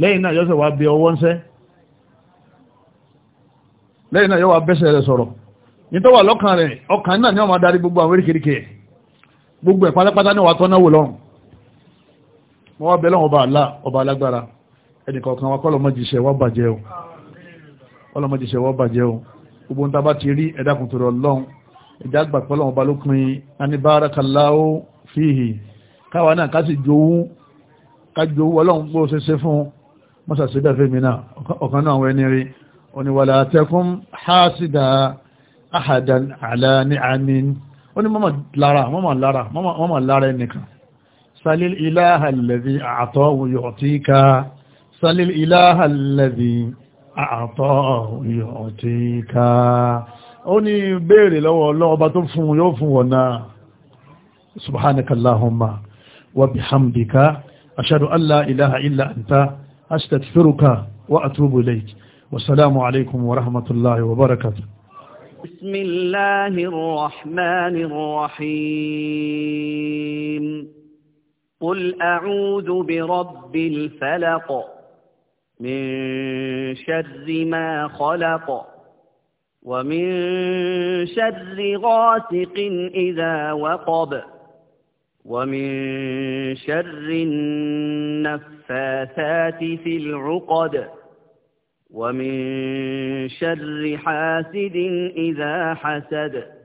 lẹ́yìn náà yọ́sẹ̀ wá bí ọwọ́ ń sẹ́ lẹ́yìn náà yọ́ bẹ́sẹ̀ rẹ̀ sọ̀rọ̀ nítọ́wà lọ́kàn rẹ̀ ọkàn náà ni máa darí gbogbo àwọn gbogbo ẹ̀ pátápátá ní wà tọ́ná wò gbogbo ń tàbá ti rí ẹ̀dàkùn tó rọ̀ lọ́n ìjà àgbà pẹ̀lú ọba ló pin ani barakallahu fihi káwa náà ká sì jowú ká jowú ọlọ́run bó ṣe ṣe fún mọ́sàsí bẹ́ẹ̀ fèmí náà ọ̀kan náà wọ́n ẹni rí oní wala takum hasida ahadan ala ni'amin ó ní mọ́mọ̀ lára mọ́mọ̀ lára mọ́mọ̀ lára ẹnìkan salil ilaha alladhi a'tahu yu'tika àtọ́ ìyọ̀tí ká ó ní béèrè lọ́wọ́ ọlọ́ọba tó fún yóò fún wọn náà subhanakallahumma wa bihamdika ashhadu an la ilaha illa anta astaghfiruka wa atubu ilayk wa salamu alaykum wa rahmatullahi wa barakatuh bismillahir rahmanir rahim qul a'udhu bi rabbil falaq من شر ما خلق ومن شر غاسق إذا وقب ومن شر النفاثات في العقد ومن شر حاسد إذا حسد